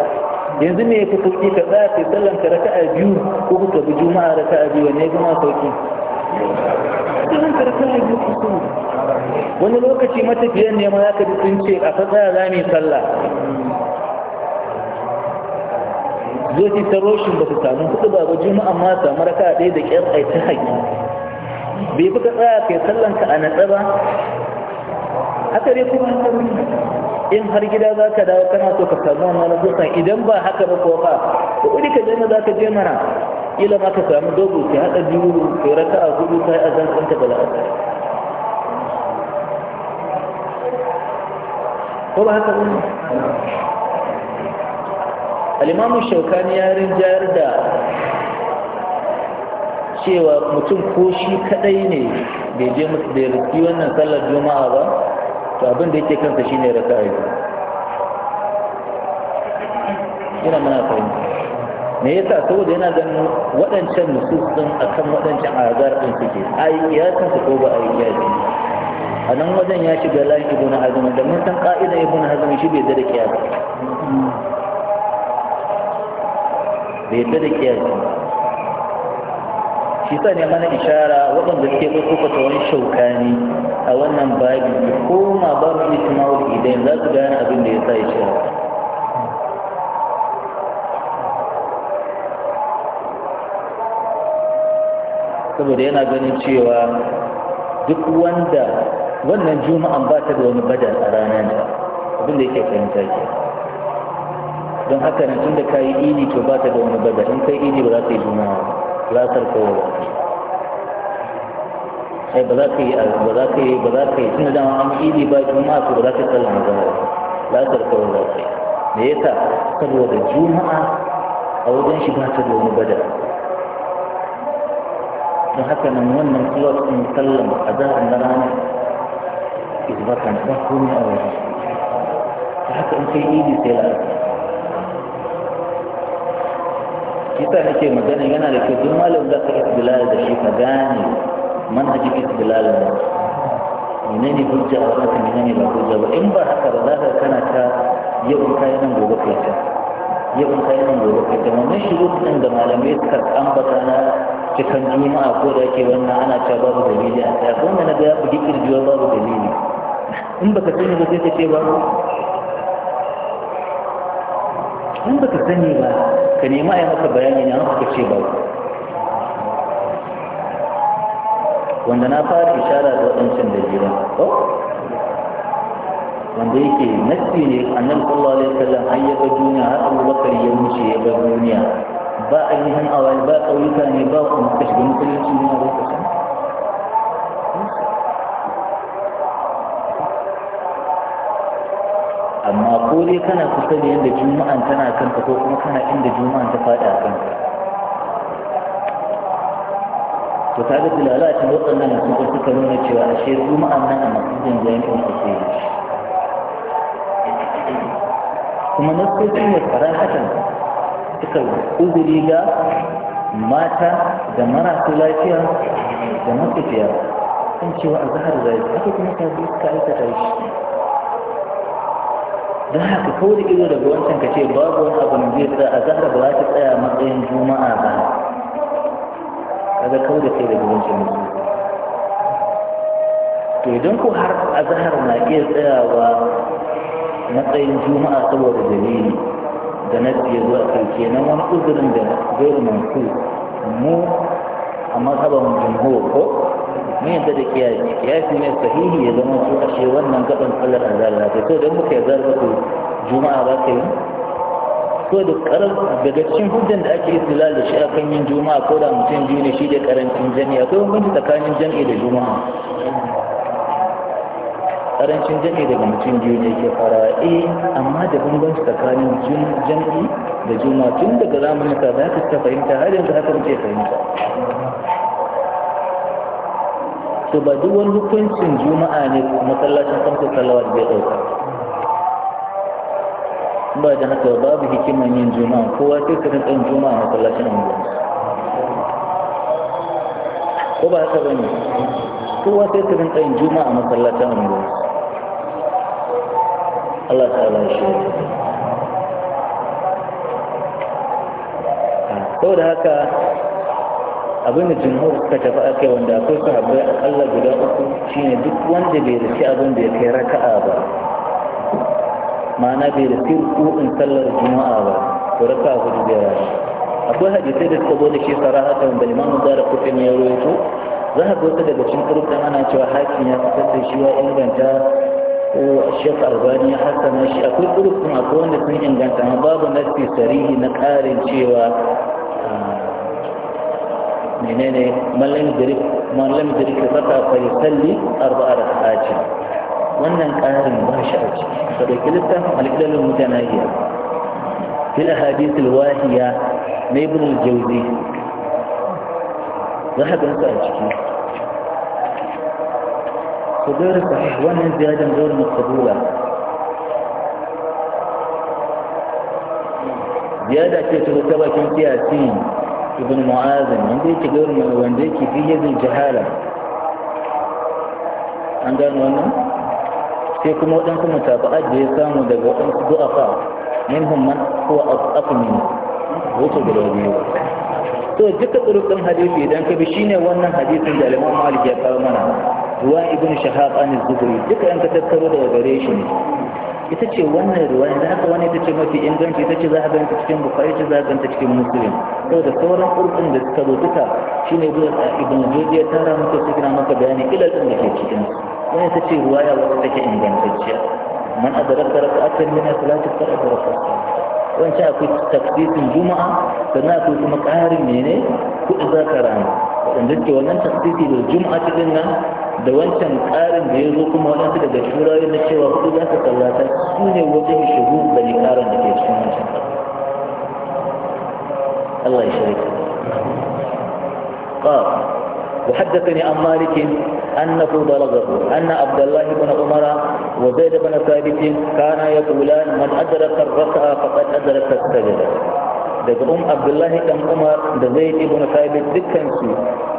yanzu me yake sauki ka tsaya kai sallan ka a biyu ko kuka bi juma'a raka a biyu wanne ya zama sauki sallan ka raka'a biyu ku so wani lokaci matafiyan ne ma zaka ji sun ce a tsaya za mu sallah zoci ta roshin ba su samu kuɗi ba ba juma'a ma samu raka'a ɗaya da ƙyar ai ta haƙi bai fi ka tsaya kai sallan ka a natsa ba haka dai kuma in har gida za ka dawo kana so ka samu wannan rahoton idan ba haka ba ko ba ko kudi ka jana za ka je mana ila ma ka samu dogo ki hada biyu ka raka a gudu kai a zan ɗinka da la'asar ko ba haka ne al-imam shaukani ya rinjayar da cewa mutum ko shi kadai ne bai je musu da riski wannan sallar juma'a ba to abin da yake kansa shine rasa biyu ina mana fahimta me yasa saboda yana ganin waɗancan nusus din akan waɗancan azar din suke ai ya san ko ba ai ya ji a nan wajen ya shiga layin ibn hazm da mun san qaida ibn hazm shi bai da kiyasi bai da kiyasi shi sa ne mana ishara waɗanda suke ɗauko shauka ne a wannan babi su koma babu isma'ul idan za su gane abin da ya sa ishara saboda yana ganin cewa duk wanda wannan juma'an ba ta da wani bada a ranar abin da yake fahimta ke don haka nan tun da ka yi to ba ta da wani bada, in kai ili ba za ta yi juma'a ba لا کو اے بذاتی بذاتی بذاتی اتنا جاو ہم ایدی بای جمعہ کو بذاتی کل ہم جاو بذاتر کو او دن شبہ تر مبدا تو حتی نمون من قلوة ان کل مقضا اندران اذ بطن او جمعہ تو ان کے ایدی سیلا Kisa sa nake magana yana da kyau duk malam za ka istidlal da shi ka gane manhajin istidlal ne menene hujja a wannan ne ba hujja ba in ba haka ba za ka kana ta yau in kai nan gobe kai ta yau in kai nan gobe kai ta wannan shirut din da malamai suka ambata na cikin juma'a ko da yake wannan ana cewa babu dalili a tsaya kuma na ga ya fi kirjiwa babu dalili in baka sani ba sai ka ce babu in baka sani ba ka nema ya maka bayani ne haka ce ba wanda na fara ishara da waɗancan da jira wanda yake nassi ne annabi sallallahu alaihi sallam an yaba duniya har abu bakar ya wuce ya bar duniya ba ainihin awal ba ƙauyuka ne ba kuma kashe musulunci ne a lokacin ko dai kana kusa da yadda juma'an tana kanta, ko kuma kana inda juma'an ta faɗi a kanka to kaga bilala a cikin nan, waɗannan nasuka suka nuna cewa a ashe juma'an nan a masjidin jami'in ake yi kuma na nasukokin ya fara hakan suka uzuri ga mata da marasa lafiya da matafiya sun cewa a zahar zai haka kuma ta bi ka aikata shi don haka kawai da ido daga wancan ka ce babu wani abu da zai tsaya a zahra ba za ta tsaya matsayin juma'a ba kaga kawai da kai daga wancan mutum to idan ko har a zahar na iya tsayawa matsayin juma'a saboda dalili da na ya zuwa karke na wani uzurin da zai manku mu a mazhaban jumhur ko mun yadda da kiyaye kiyasi ne sahihi ya zama su ashe wannan gaban tsallar azhar na ta to dan muka yi azhar ku juma'a ba ka yi ko da karar daga cikin hujjan da ake istilal da shi akan yin juma'a ko da mutum biyu ne shi da karancin jami'a akwai wani tsakanin jami'a da juma'a karancin jami'i daga mutum biyu ne ke fara eh amma da bambanci tsakanin jami'i da juma'a tun daga zamanin ka za ka fahimta har yanzu haka muke fahimta to ba duk wani hukuncin juma'a ne masallacin kamsa salawat bai ɗauka ba da haka babu hikiman yin juma'a kowa sai ka rinka yin juma'a masallacin unguwa ko ba haka bane kowa sai ka rinka yin juma'a masallacin unguwa Allah ta'ala shi ko da haka abin da jumhur suka tafi a kai wanda akwai su a ƙalla guda uku shine duk wanda bai rufi abin da ya kai raka'a ba ma'ana bai riski rukun sallar juma'a ba to raka'a hudu bai rasa akwai hadisai da suka zo da shi haka wanda imamu zara kutsin ya rawaito za a ga daga cikin turukan ana cewa hakin ya fi da shi ya inganta ko shek albani ya hassana shi akwai turukan akwai wanda sun inganta amma babu nasi sarihi na karin cewa menene man lam yudrik man lam yudrik fata fa yusalli arba'a rak'at wannan ƙarin ba shi a ciki sadaki littafin alƙilalin mutanahiya fil ahadith alwahiya na ibn al-jawzi za ka gansa a ciki ko gairu sahih wannan ziyadan gairu maqbula ziyada ce ta bakin siyasi ibn mu'azin wanda yake gairu wanda yake fi yadda jihala an gano wannan sai kuma kuma mutaba'ad da ya samu daga waɗansu du'afa minhum man huwa asqatu min wato guda biyu to duka tsurukan hadisi idan ka bi shine wannan hadisin da Imam Malik ya kawo mana ruwa ibn Shahab an Zuhri duka an ka tattaro daga gare shi ne ita ce wannan ruwa da haka wani ita ce mafi inganci ita ce za a ganta cikin Bukhari ita za a ganta cikin Muslim sau da sauran urfin da suka zo duka shine ibn ibn ya tara muka su gina maka bayani ilalin da ke cikin wani ta ce ruwa ya wata take ingantacciya man adaraka raka'atan min salati fa adaraka wancan akwai takdisin juma'a sannan akwai kuma ƙarin ne, kuɗi za ka rana wanda ke wannan takdisi da juma'a cikin nan da wancan ƙarin da ya zo kuma waɗansu daga turawa na cewa kuɗi za ka tallata, su ne wajen shugu da ne ƙarin da ke cikin wancan ƙasa الله يشريك قال وحدثني عن مالك أنه بلغه أن عبد الله بن عمر وزيد بن ثابت كانا يقولان من أدرك الركعة فقد أدرك السجدة daga um abdullahi dan umar da zai ibn sabit dukkansu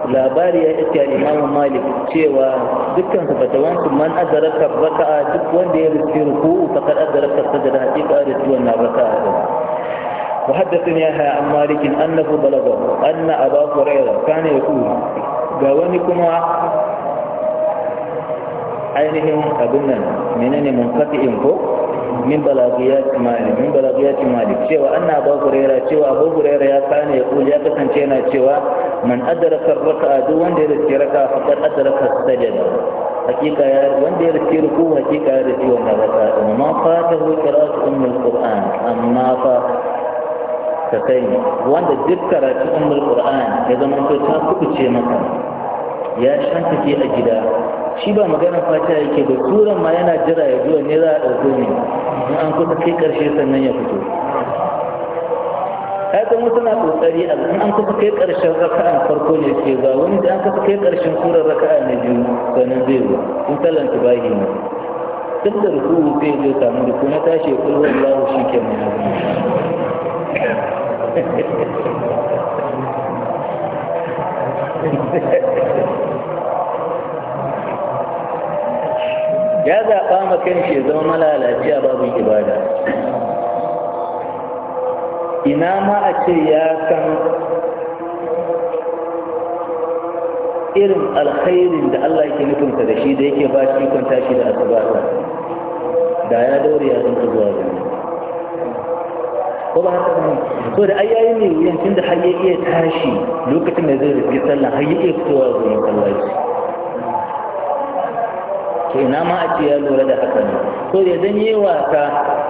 labari ya iske imamu malik cewa dukkansu wancan man adaraka raka'a duk wanda ya riski ruku'u faqad adaraka sajda hakika da tuwan na raka'a وحدثني يا عن مالك أنه بلغ أن أبا هريره كان يقول جاونكما عينهم أبنا من منين منقطع فوق من بلاغيات مالك من بلاغيات مالك شوى أن أبا فريرة شوى أبو فريرة كان يقول يا تسنشينا شوى من أدرك الركعة دون دير الشركاء فقد أدرك السجد حقيقة يا من درسي ركوع حقيقة يا الشركاء وما فاته قراءة أم القرآن أما فاته ka sani wanda duk karatu ummul qur'an ya zama to ta ce maka ya shanta ke a gida shi ba magana fata yake da turan ma yana jira ya zuwa ne za a dauko ne in an kusa kai karshe sannan ya fito ai kuma suna kokari a in an kusa kai karshen raka'an farko ne ke ba wani da an kusa kai karshen surar raka'a na biyu sannan zai zo in talanta ki ba ne duk da ruku zai zo samu da kuma tashi kullum kullu Allahu shikenan ya zama ya zaɓa makan shi zama malalaciya babu ibada ina ma a ce ya san irin alkhairin da Allah yake nufinta da shi da yake ba shi kwanta shi da asibata da ya daure ya zanta zuwa zuwa ko ba haka ne? so da ayyayi ne yancin da har iya tashi lokacin da zai rufe sallah har ya iya fitowa zai yi sallaci ke na ma a ce ya lura da haka ne so da idan yi wasa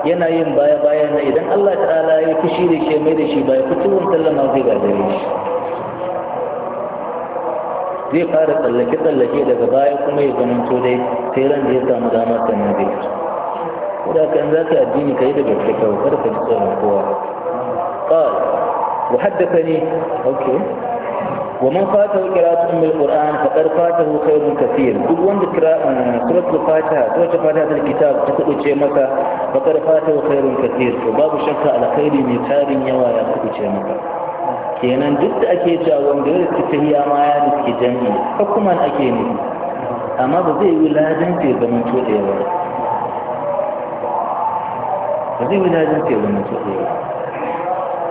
yana yin baya baya na idan Allah ta'ala ya fushi da shi mai da shi baya fitowar sallah ma zai gagare shi zai fara tsallake-tsallake daga baya kuma ya zamanto dai sai ran da ya samu damar sannan zai fito da haka in za ka addini ka yi da gaske kyau kada ka ji tsoron kowa qal wa haddathani okay ومن فاته قراءة أم القرآن فقد فاته خير كثير كل وند سورة الفاتحة سورة فاتحة الكتاب تقول شيء مكة فقد فاته خير كثير وباب شك على خير من خير يوى يقول شيء مكة kenan duk da ake cewa wanda ya riski tahiya ma ya riski jami'i hukuman ake nufi amma ba zai yi ladan ce zaman to da yawa ba zai wuce zai ce wani sosai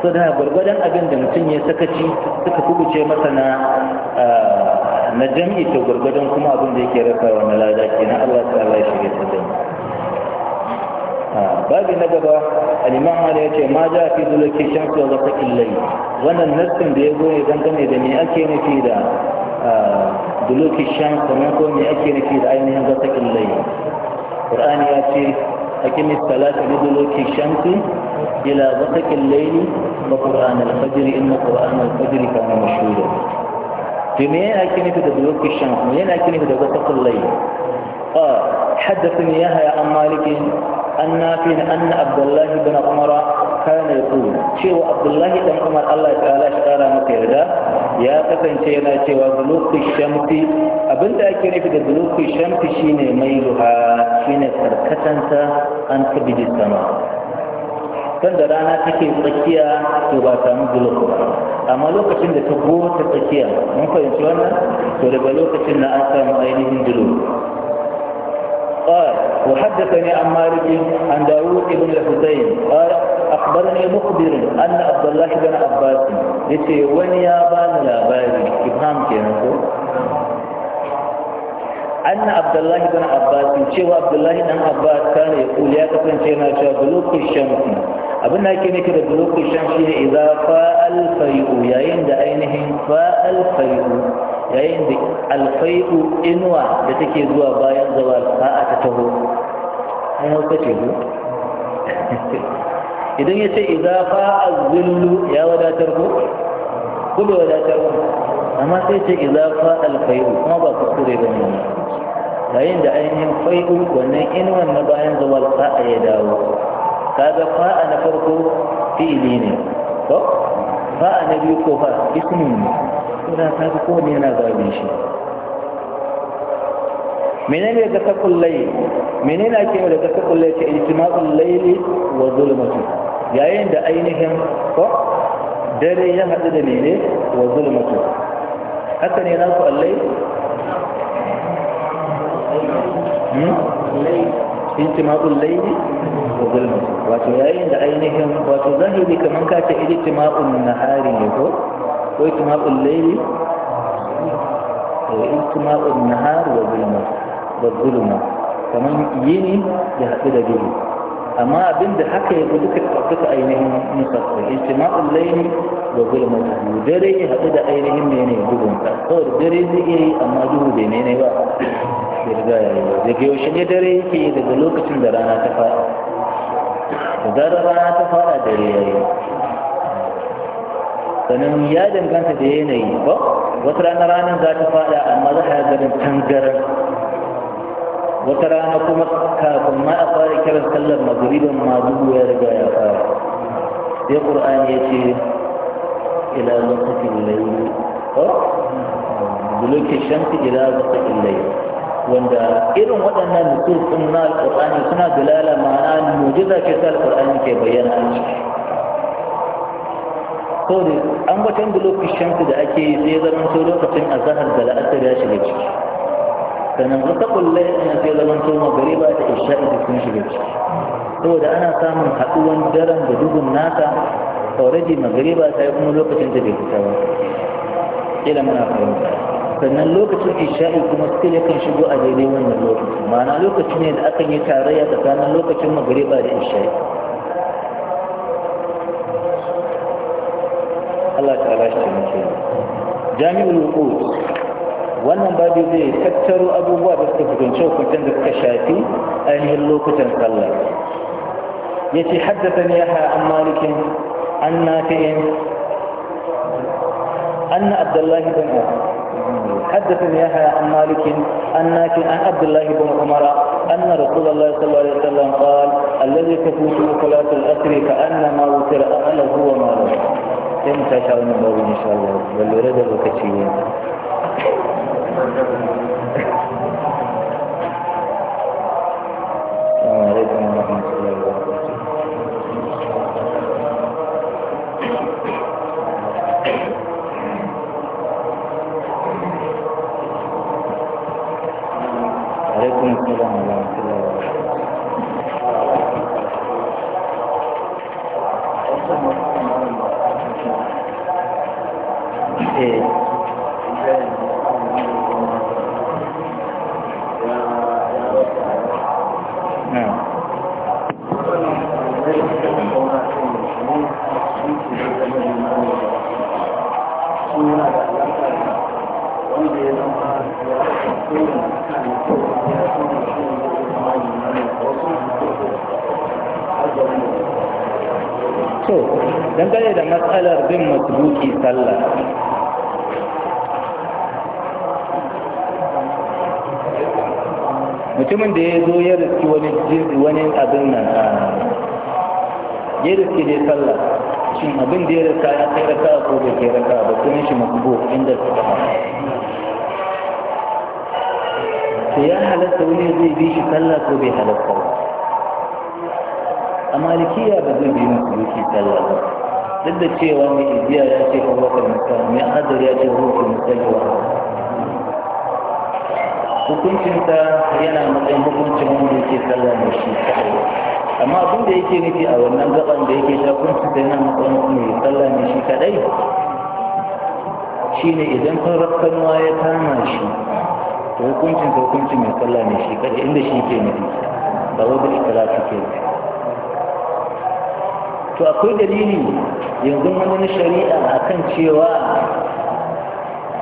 so da gwargwadon abin da mutum ya sakaci suka kubuce masa na ah, na jami'i to gwargwadon kuma abin da yake rasa wa na lada ke na Allah ta Allah shi ta da ah, babu na gaba al-imam Ali ya ce ma ja fi dulaki shamsu wa zakil illai wannan nassin da ya zo dangane da me ake nufi da dulaki ah, shamsu ne ko ne ake nufi da ainihin zakil illai Qur'ani ya ce أكم الصلاة بدلوك الشمس إلى غسق الليل وقرآن الفجر إن قرآن الفجر كان مشهودا في مين في بدلوك الشمس مين أكن بدلوك الليل قال آه، حدثني يا عن مالك أن نافع أن عبد الله بن عمر kana yaqul cewa abdullahi dan umar Allah ya kara shi kara maka yarda ya kasance yana cewa zuluqi shamti abinda ake nufi da zuluqi shamti shine mai ruha shine karkatanta an tabiji sama kan da rana take tsakiya to ba samu zuluqi amma lokacin da ta gota tsakiya mun fahimci wannan to daga lokacin na an samu ainihin zuluqi قال وحدثني عن مالك عن داوود بن الحسين قال أخبرني مخبر أن عبد الله بن عباس يتي ونيا بان لا باري إبهام كينكو أن عبد الله بن عباس شو عبد الله بن عباس كان يقول يا كفن شينا بلوك الشمس abin da ake nufi da bulukul shamsi ne idza fa'al fai'u yayin da ainihin fa'al fai'u yayin da alfai'u inuwa da take zuwa bayan zawal taho ai hausa ce ko idan ya ce idza fa az-zillu ya wadatar ko ko bai wadatar ba amma sai ce idza fa alkhairu kuma ba kure ba ne yayin da ainihin faidu wannan inuwan na bayan zawal fa'a ya dawo kaga fa na farko fi'ili ne ko fa'a na biyu ko fa ismi ne kuma ko ne yana gabin shi من منين يتفق الليل من اكيد ولا تفق الليل اجتماع الليل وظلمته يعين ده اينهم دري يما دليل وظلمته حتى ينالك الليل اجتماع الليل وظلمته واتو يعين ده اينهم واتو ظهر كمان كاتا اجتماع النهار ويتماء الليل ويتماء النهار وظلمته da zuluma kamar yini ya haɗu da gini amma abinda haka ya duka duka ainihin musaffin ijtima'ul layli wa zulmatuhu dare ya haɗu da ainihin mene duhun ka saboda dare zai iya yi amma duhu bai mene ba bai riga ya yi daga yaushe ne dare yake yi daga lokacin da rana ta faɗa da zarar rana ta faɗa dare ya yi sannan ya danganta da yanayi ba wata rana ranar za ta faɗa amma za a yi ganin tangaran wata rana kuma kafin ma a fara kiran sallar magriban ma dubu ya riga ya fara sai qur'ani ya ce ila lokacin layli ko lokacin shamsi ila lokacin layli wanda irin waɗannan nusus din na alqur'ani suna dalala ma'ana mu'jiza ce ta alqur'ani ke bayyana a ciki kawai an batun da lokacin shamsi da ake yi sai ya zama lokacin azahar da la'asar ya shiga ciki sannan zakakun laifin sai zaman to magariba da isha'i da sun shiga ciki saboda ana samun haɗuwan daren da duhun nasa already magariba ta yi kuma lokacin da bai fita ba kila muna fahimta sannan lokacin isha'i kuma still yakan shigo a daidai wannan lokacin ma'ana lokaci ne da akan yi tarayya tsakanin lokacin magariba da isha'i Allah ta'ala shi ta mace jami'ul wuqut wannan babu zai tattaro abubuwa da suka fuskanci hukuncin da suka shafi ainihin lokutan sallah ya ce haddatan ya ha an malikin an nafi'in أن عبد الله بن عمر حدثني يحيى عن مالك عن نافع عن عبد الله بن عمر أن رسول الله صلى الله عليه وسلم قال الذي تفوته صلاة الأسر كأنما وتر أهله وماله انت شاء الله إن شاء الله والورد وكشيين to dangane da matsalar bin masbuki sallah mutumin da ya zo ya riski wani wani abin nan a ya riski dai sallah shin abin da ya rika ya kai raka ko bai ke raka ba sunan shi masbu inda suka ba. sai ya halatta wani zai bi shi sallah ko bai halatta ba a malikiya ba zai bi musu duki sallah ba duk da cewa mai iziya ya ce kuma wakar misali mai azar ya ce rufe misali Hukuncin hukuncinsa yana matsayin hukuncin wanda yake sallah mai shi kawai amma abin da yake nufi a wannan gaban da yake ta kuncinsa yana matsayin mai sallah mai shi kadai shine idan farar kanuwa ya kama shi to hukuncin hukuncin mai sallah mai shi kadai inda shi ke nufi ba wadda ikirafi ke nufi to akwai dalili yanzu wani na shari'a akan cewa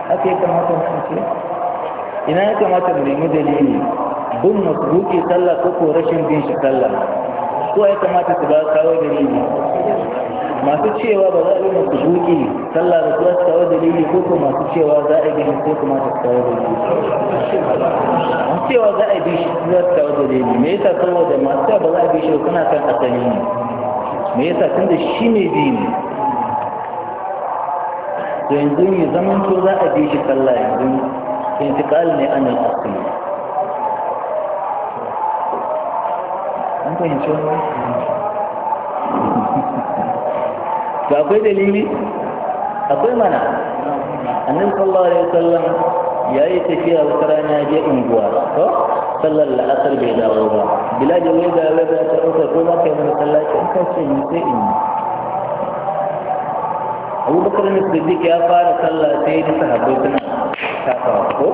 haka ya kamata mu ina ya kamata mu nemi dalili bin masbuki sallah ko ko rashin bin shi sallah ko ya kamata su ba kawo dalili masu cewa ba za a yi masbuki sallah da kuwa su kawo dalili ko ko masu cewa za a yi bin ko kuma su kawo dalili masu cewa za a yi bin shi za su kawo dalili me yasa saboda masu cewa ba za a yi bin shi kuna kan asali ne me yasa tun da shi ne biyu ne to yanzu yi zaman to za a bi shi sallah yanzu intiqal ne an al-asli an fahimci to akwai dalili akwai mana annabi sallallahu alaihi wasallam ya yi tafiya wata rana ya je unguwa to sallar la'asar bai dawo ba bilal ya wai ga wai ga ta ɗauka ko za ka yi mana sallah ce in ka ce ni sai in yi abubakar ne siddiq ya fara sallah sai da sahabbai suna tafawa ko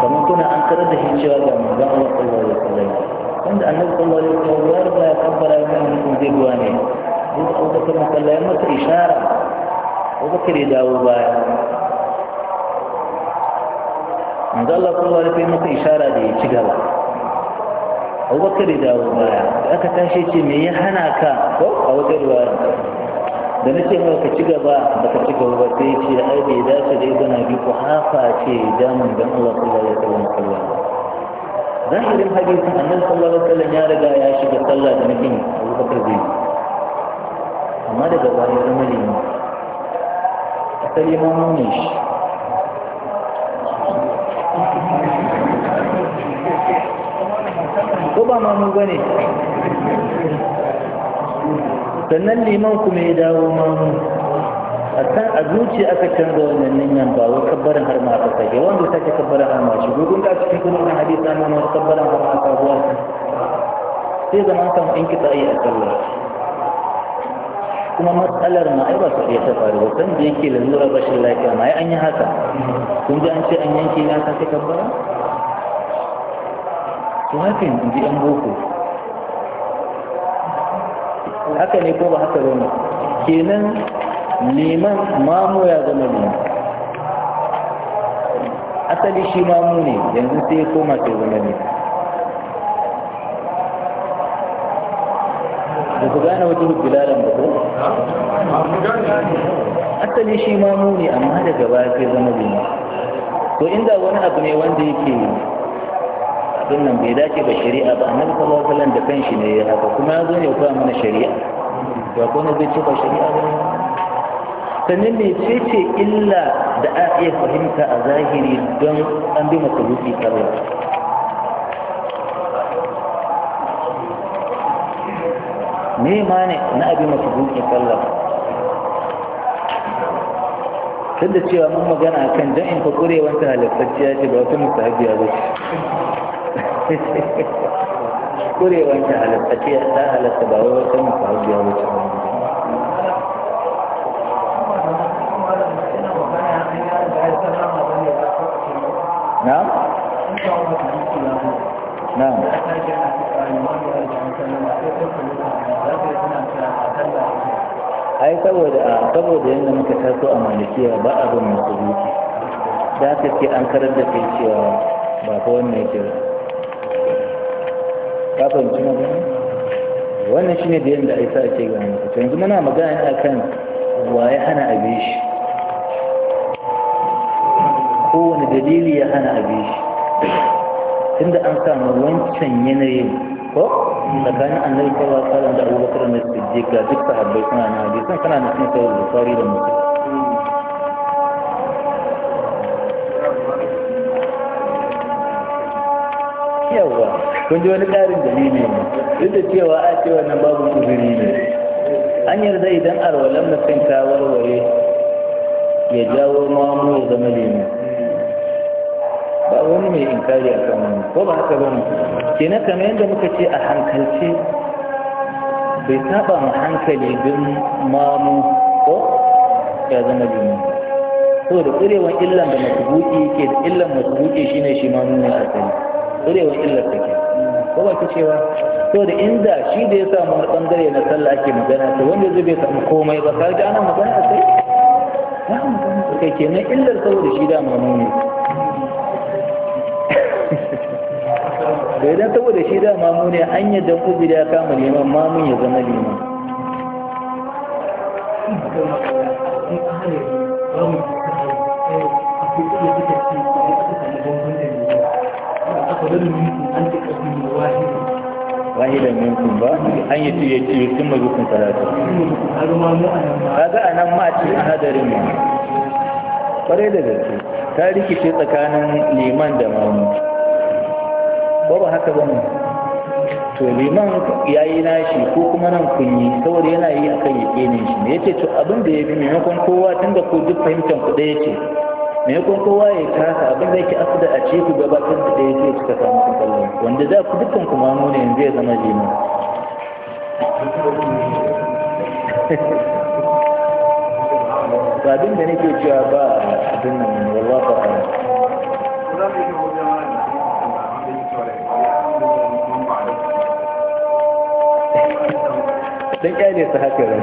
kamar kuna an karar da shi cewa ga manzon Allah sallallahu alaihi wasallam wanda annabi sallallahu alaihi wasallam ya riga ya kabbara yana nufin zai ruwa ne duk abubakar musalla ya masa ishara abubakar ya dawo baya manzo Allah sallallahu alaihi wasallam masa ishara da ya ci gaba Abubakar da dawo baya da aka tashi ce me ya hana ka ko a wata riwaya da na ce ka ci gaba ba ka ci gaba ba sai ce ai bai dace da ibn abi hafa ce damun dan Allah sallallahu alaihi wasallam sallallahu zahirin hadisin annabi sallallahu alaihi wasallam ya riga ya shiga sallah da nufin Abubakar zai amma daga baya zama limin asali ma mun ne shi ma mu bane sannan liman kuma ya dawo ma mu a san a zuci aka canza wannan niyan ba wa kabbaran har ma aka sake wanda sake kabbaran har ma shi gugun da cikin kuma wannan hadisi an nuna kabbaran har ma aka zuwa sai zama kan in kita yi a sallah kuma matsalar ma ai ba su iya ta faru ba san da yake lalura rashin lafiya ma ai an yi haka kun ji an ce an yanke ta sake kabbara to haka in ji yan boko haka ne ko ba haka ba ne kenan neman mamu ya zama liman asali shi mamu ne yanzu sai ya koma sai zama ne. da ku gane wajen bilalan ba ko? asali shi mamu ne amma daga baya ke zama liman to inda wani abu ne wanda yake wannan bai dace ba shari'a ba annabi sallallahu alaihi wasallam da kanshi ne ya haka kuma ya zo ne koya mana shari'a ba ko wanda zai ce ba shari'a ba sannan me ce ce illa da a iya fahimta a zahiri don an bi masa rufi kawai me ma ne na abi masa rufi kallon duk da cewa mun magana a kan jan'in ka kurewar ta halittacciya ce ba wata musahabiya ba ce Kure ta halatta ce ta halatta ba wai wata mafahiya wata wani na? na? ai saboda a saboda yadda muka taso a malikiya ba a abin masu duki da ka ce an karar da kai cewa ba ta wannan yake ba ka fahimci magana wannan shine da yadda aisa ake gane ka yanzu muna magana ne akan waye hana abe shi kowane dalili ya hana abe shi tunda an samu wancan yanayin ko tsakanin annabi sallallahu alaihi wasallam da Abu Bakar da Siddiq ga duk sahabbai suna na hadisan kana da cikin sahih Bukhari da Muslim yawa kun ji wani ƙarin dalili ne duk da cewa a cewa wannan babu uzuri ne an yarda idan arwalan mutum ta warware ya jawo mamu ya zama lemu ba wani mai inkari a kan wani ko ba haka ba ne ke na kamar yadda muka ce a hankalce bai saba mu hankali bin mamu ko ya zama lemu so da tsirewan illan da matubuki ke da illan matubuki shine shi mamu ne a kai tsirewan illar take ko ba ki cewa to da inda shi da ya samu wani bangare na sallah ake magana to wanda zai bai samu komai ba ka ana magana sai ba ya magana a kai kenan illar saboda shi da mamu ne da idan saboda shi da mamu ne an yadda uzuri ya kama neman mamun ya zama liman ba an yi tuye tuye sun mai rukun salatu ga a nan mace a hadarin ne. kwarai da gaske ta rikice tsakanin liman da mamu ba ba haka ba ne to liman ya yi nashi ko kuma nan kunyi? saboda yana yi akan ya yake ne shi ne ya ce to abin da ya fi maimakon kowa tun da ko duk fahimtar ku ɗaya ce maimakon kowa ya kasa abin da yake asu da a ce ku gabatar da ɗaya ce suka samu kusurwa wanda za ku dukkan kuma mamu ne yanzu ya zama liman to abin da nake cewa ba abin nan wallah ba kan dan kyale su haka ran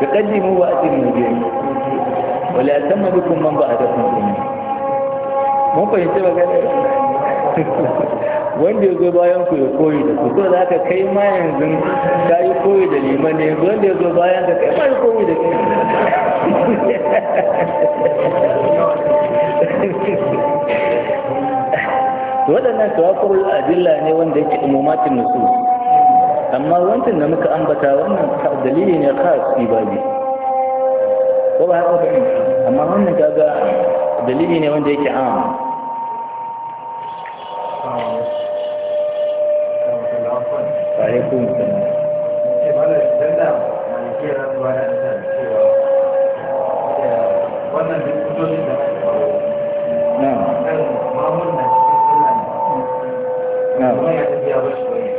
ka kaddimu wa ajimu bi wala tamma bikum man ba'adakum mun fahimci magana wanda ya zo bayan ku ya koyi da ku so za ka kai ma yanzu ka yi koyi da liman ne wanda ya zo bayan ka kai ma ya koyi da kai waɗannan tawakurul adilla ne wanda yake umumatin nusu amma wancan da muka ambata wannan dalili ne khas ibadi ko ba haka ba amma wannan kaga dalili ne wanda yake amma koyin sannan eh, eh, wannan duk kudoshin da aka kawo kan mamun na cikin sunan ya tafiya ba shi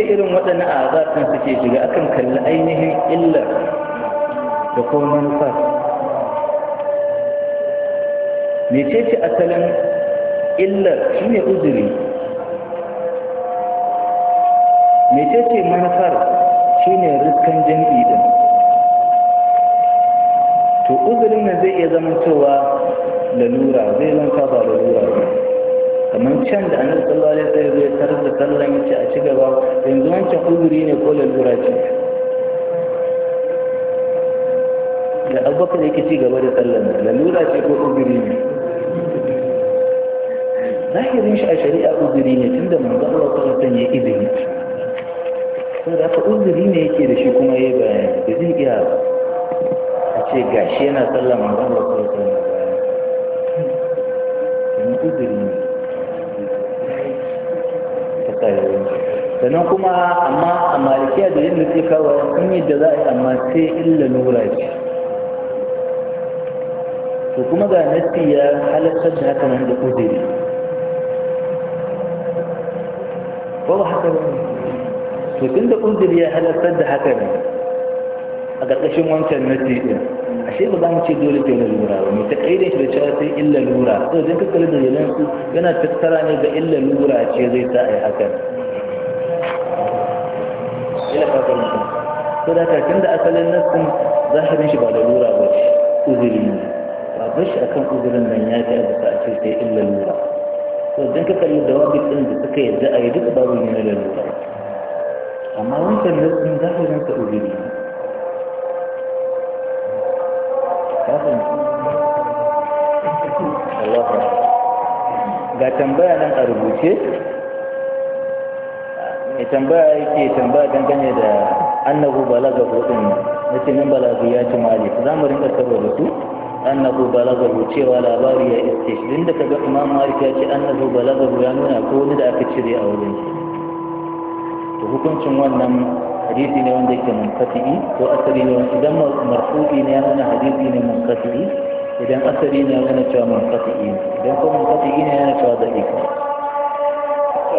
Akwai irin waɗannan azatan suke shiga akan kalli ainihin illar da kuma manufar ce asalin illar shi ne uzuri ce manufar shi ne riskan jami'i ɗin to uzurin nan zai iya cewa lalura zai zanta ba lalura ba kamar can da annabi sallallahu alaihi wasallam ya tarar da sallan yace a ci gaba yanzu wancan uzuri ne ko lalura ce da abubakar yake ci gaba da sallan lalura ce ko uzuri ne zahirin shi a shari'a uzuri ne tunda manzo Allah sallallahu alaihi wasallam ya izini ko da ka uzuri ne yake da shi kuma yayi bayani da zai iya a ce gashi yana sallan manzo Allah sallallahu alaihi wasallam uzuri ne tsaye sannan kuma amma a malikiya da yadda suke kawo sun yadda za a yi amma sai illa lura ce to kuma ga nasi ya halartar da haka nan da kudiri ko ba haka ba to tun da kudiri ya halartar da haka ne a ƙarƙashin wancan nasi ɗin ashe ba za mu ce dole sai lalura ba mai taƙaida shi da cewa sai in lalura to zai kakkali da yalan su yana tattara ne ga in lalura ce zai sa a yi hakan ila fata mutum to da kakin da asalin nassin zahirin shi ba lalura ba ce uzuri ne ba bar shi akan uzurin nan ya ce a bisa a ce sai in lalura to zai kakkali da wabi ɗin da suka yarda a yi duka babu ne na lalura amma wancan nassin zahirin sa uzuri ga tambaya nan a rubuce mai tambaya yake tambaya dangane da annabu balaga hudun na sinin balaga ya ci mali za mu rinka saboda su annabu balaga cewa labari ya iske shi inda ga imam malik ya ce annabu balaga ya nuna ko wani da aka cire a wurin da to hukuncin wannan hadisi ne wanda yake munqati ko asali ne idan marfu'i ne ya nuna hadisi ne munqati idan asali ne yana cewa munqati ne idan kuma munqati ne yana cewa da ne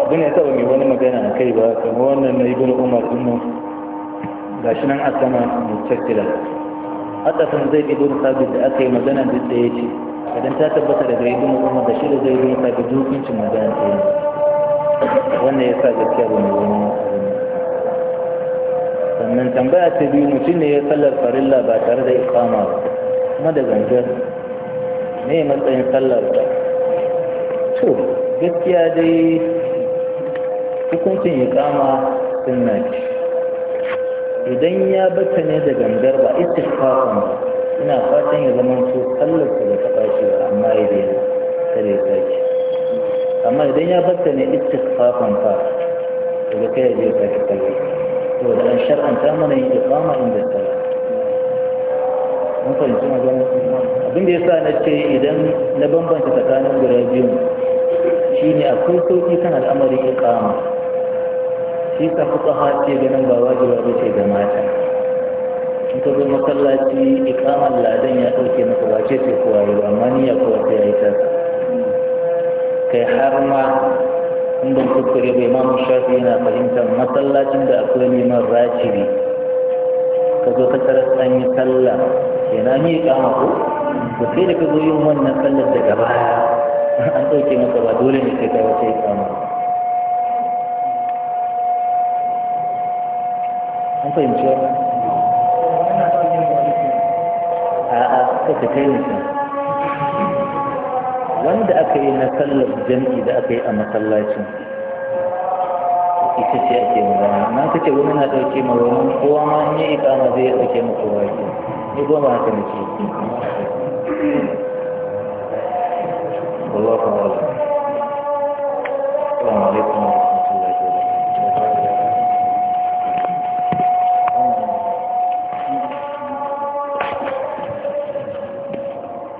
abin ya saba mai wani magana a kai ba kamar wannan na ibn umar din nan gashi nan asama mutakkila hadasan zai ibn sabit da aka yi magana duk da yace idan ta tabbata daga ibn umar da shi da zai ibn sabit hukuncin magana ta yi wannan ya sa gaskiya ba mai wani sannan tambaya ta biyu mutum ne ya sallar farilla ba tare da iqama ba kuma da gangan ne matsayin sallar ta to gaskiya dai hukuncin iqama sunna ce idan ya bata ne da gangar ba istifafan ba ina fatan ya zama to sallar su da taba shi ba amma ya daina kada ya sake amma idan ya bata ne istifafan fa to da kai ya je sake sake saboda an shar'anta mana yin iqama inda sallah mun fahimci magana abin da ya sa na ce idan na bambanta tsakanin guda biyu. shi ne akwai sauƙi kan al'amarin kama shi ka fuka hace ganin ba wajiba ba ce ga mata in ka zo masallaci ikamar ladan ya ɗauke maka ba ce ce kuwa yi amma ni ya kuwa ta yi ta kai har ma in ban kuskure bai ma shafi yana fahimtar masallacin da akwai neman racibi ka zo ka tsara an yi sallah kenan ni ikama ko da kai da ka zo yin wannan sallar da gaba an ɗauke maka ba dole ne kai kai wata ikama an fahimci wa? a'a kaka kai mutum wanda aka yi na sallar jam'i da aka yi a masallacin ita ce ake magana na ce wani na ɗauke ma wani kowa ma in yi ikama zai ɗauke ma kowa ke ne goma haka nake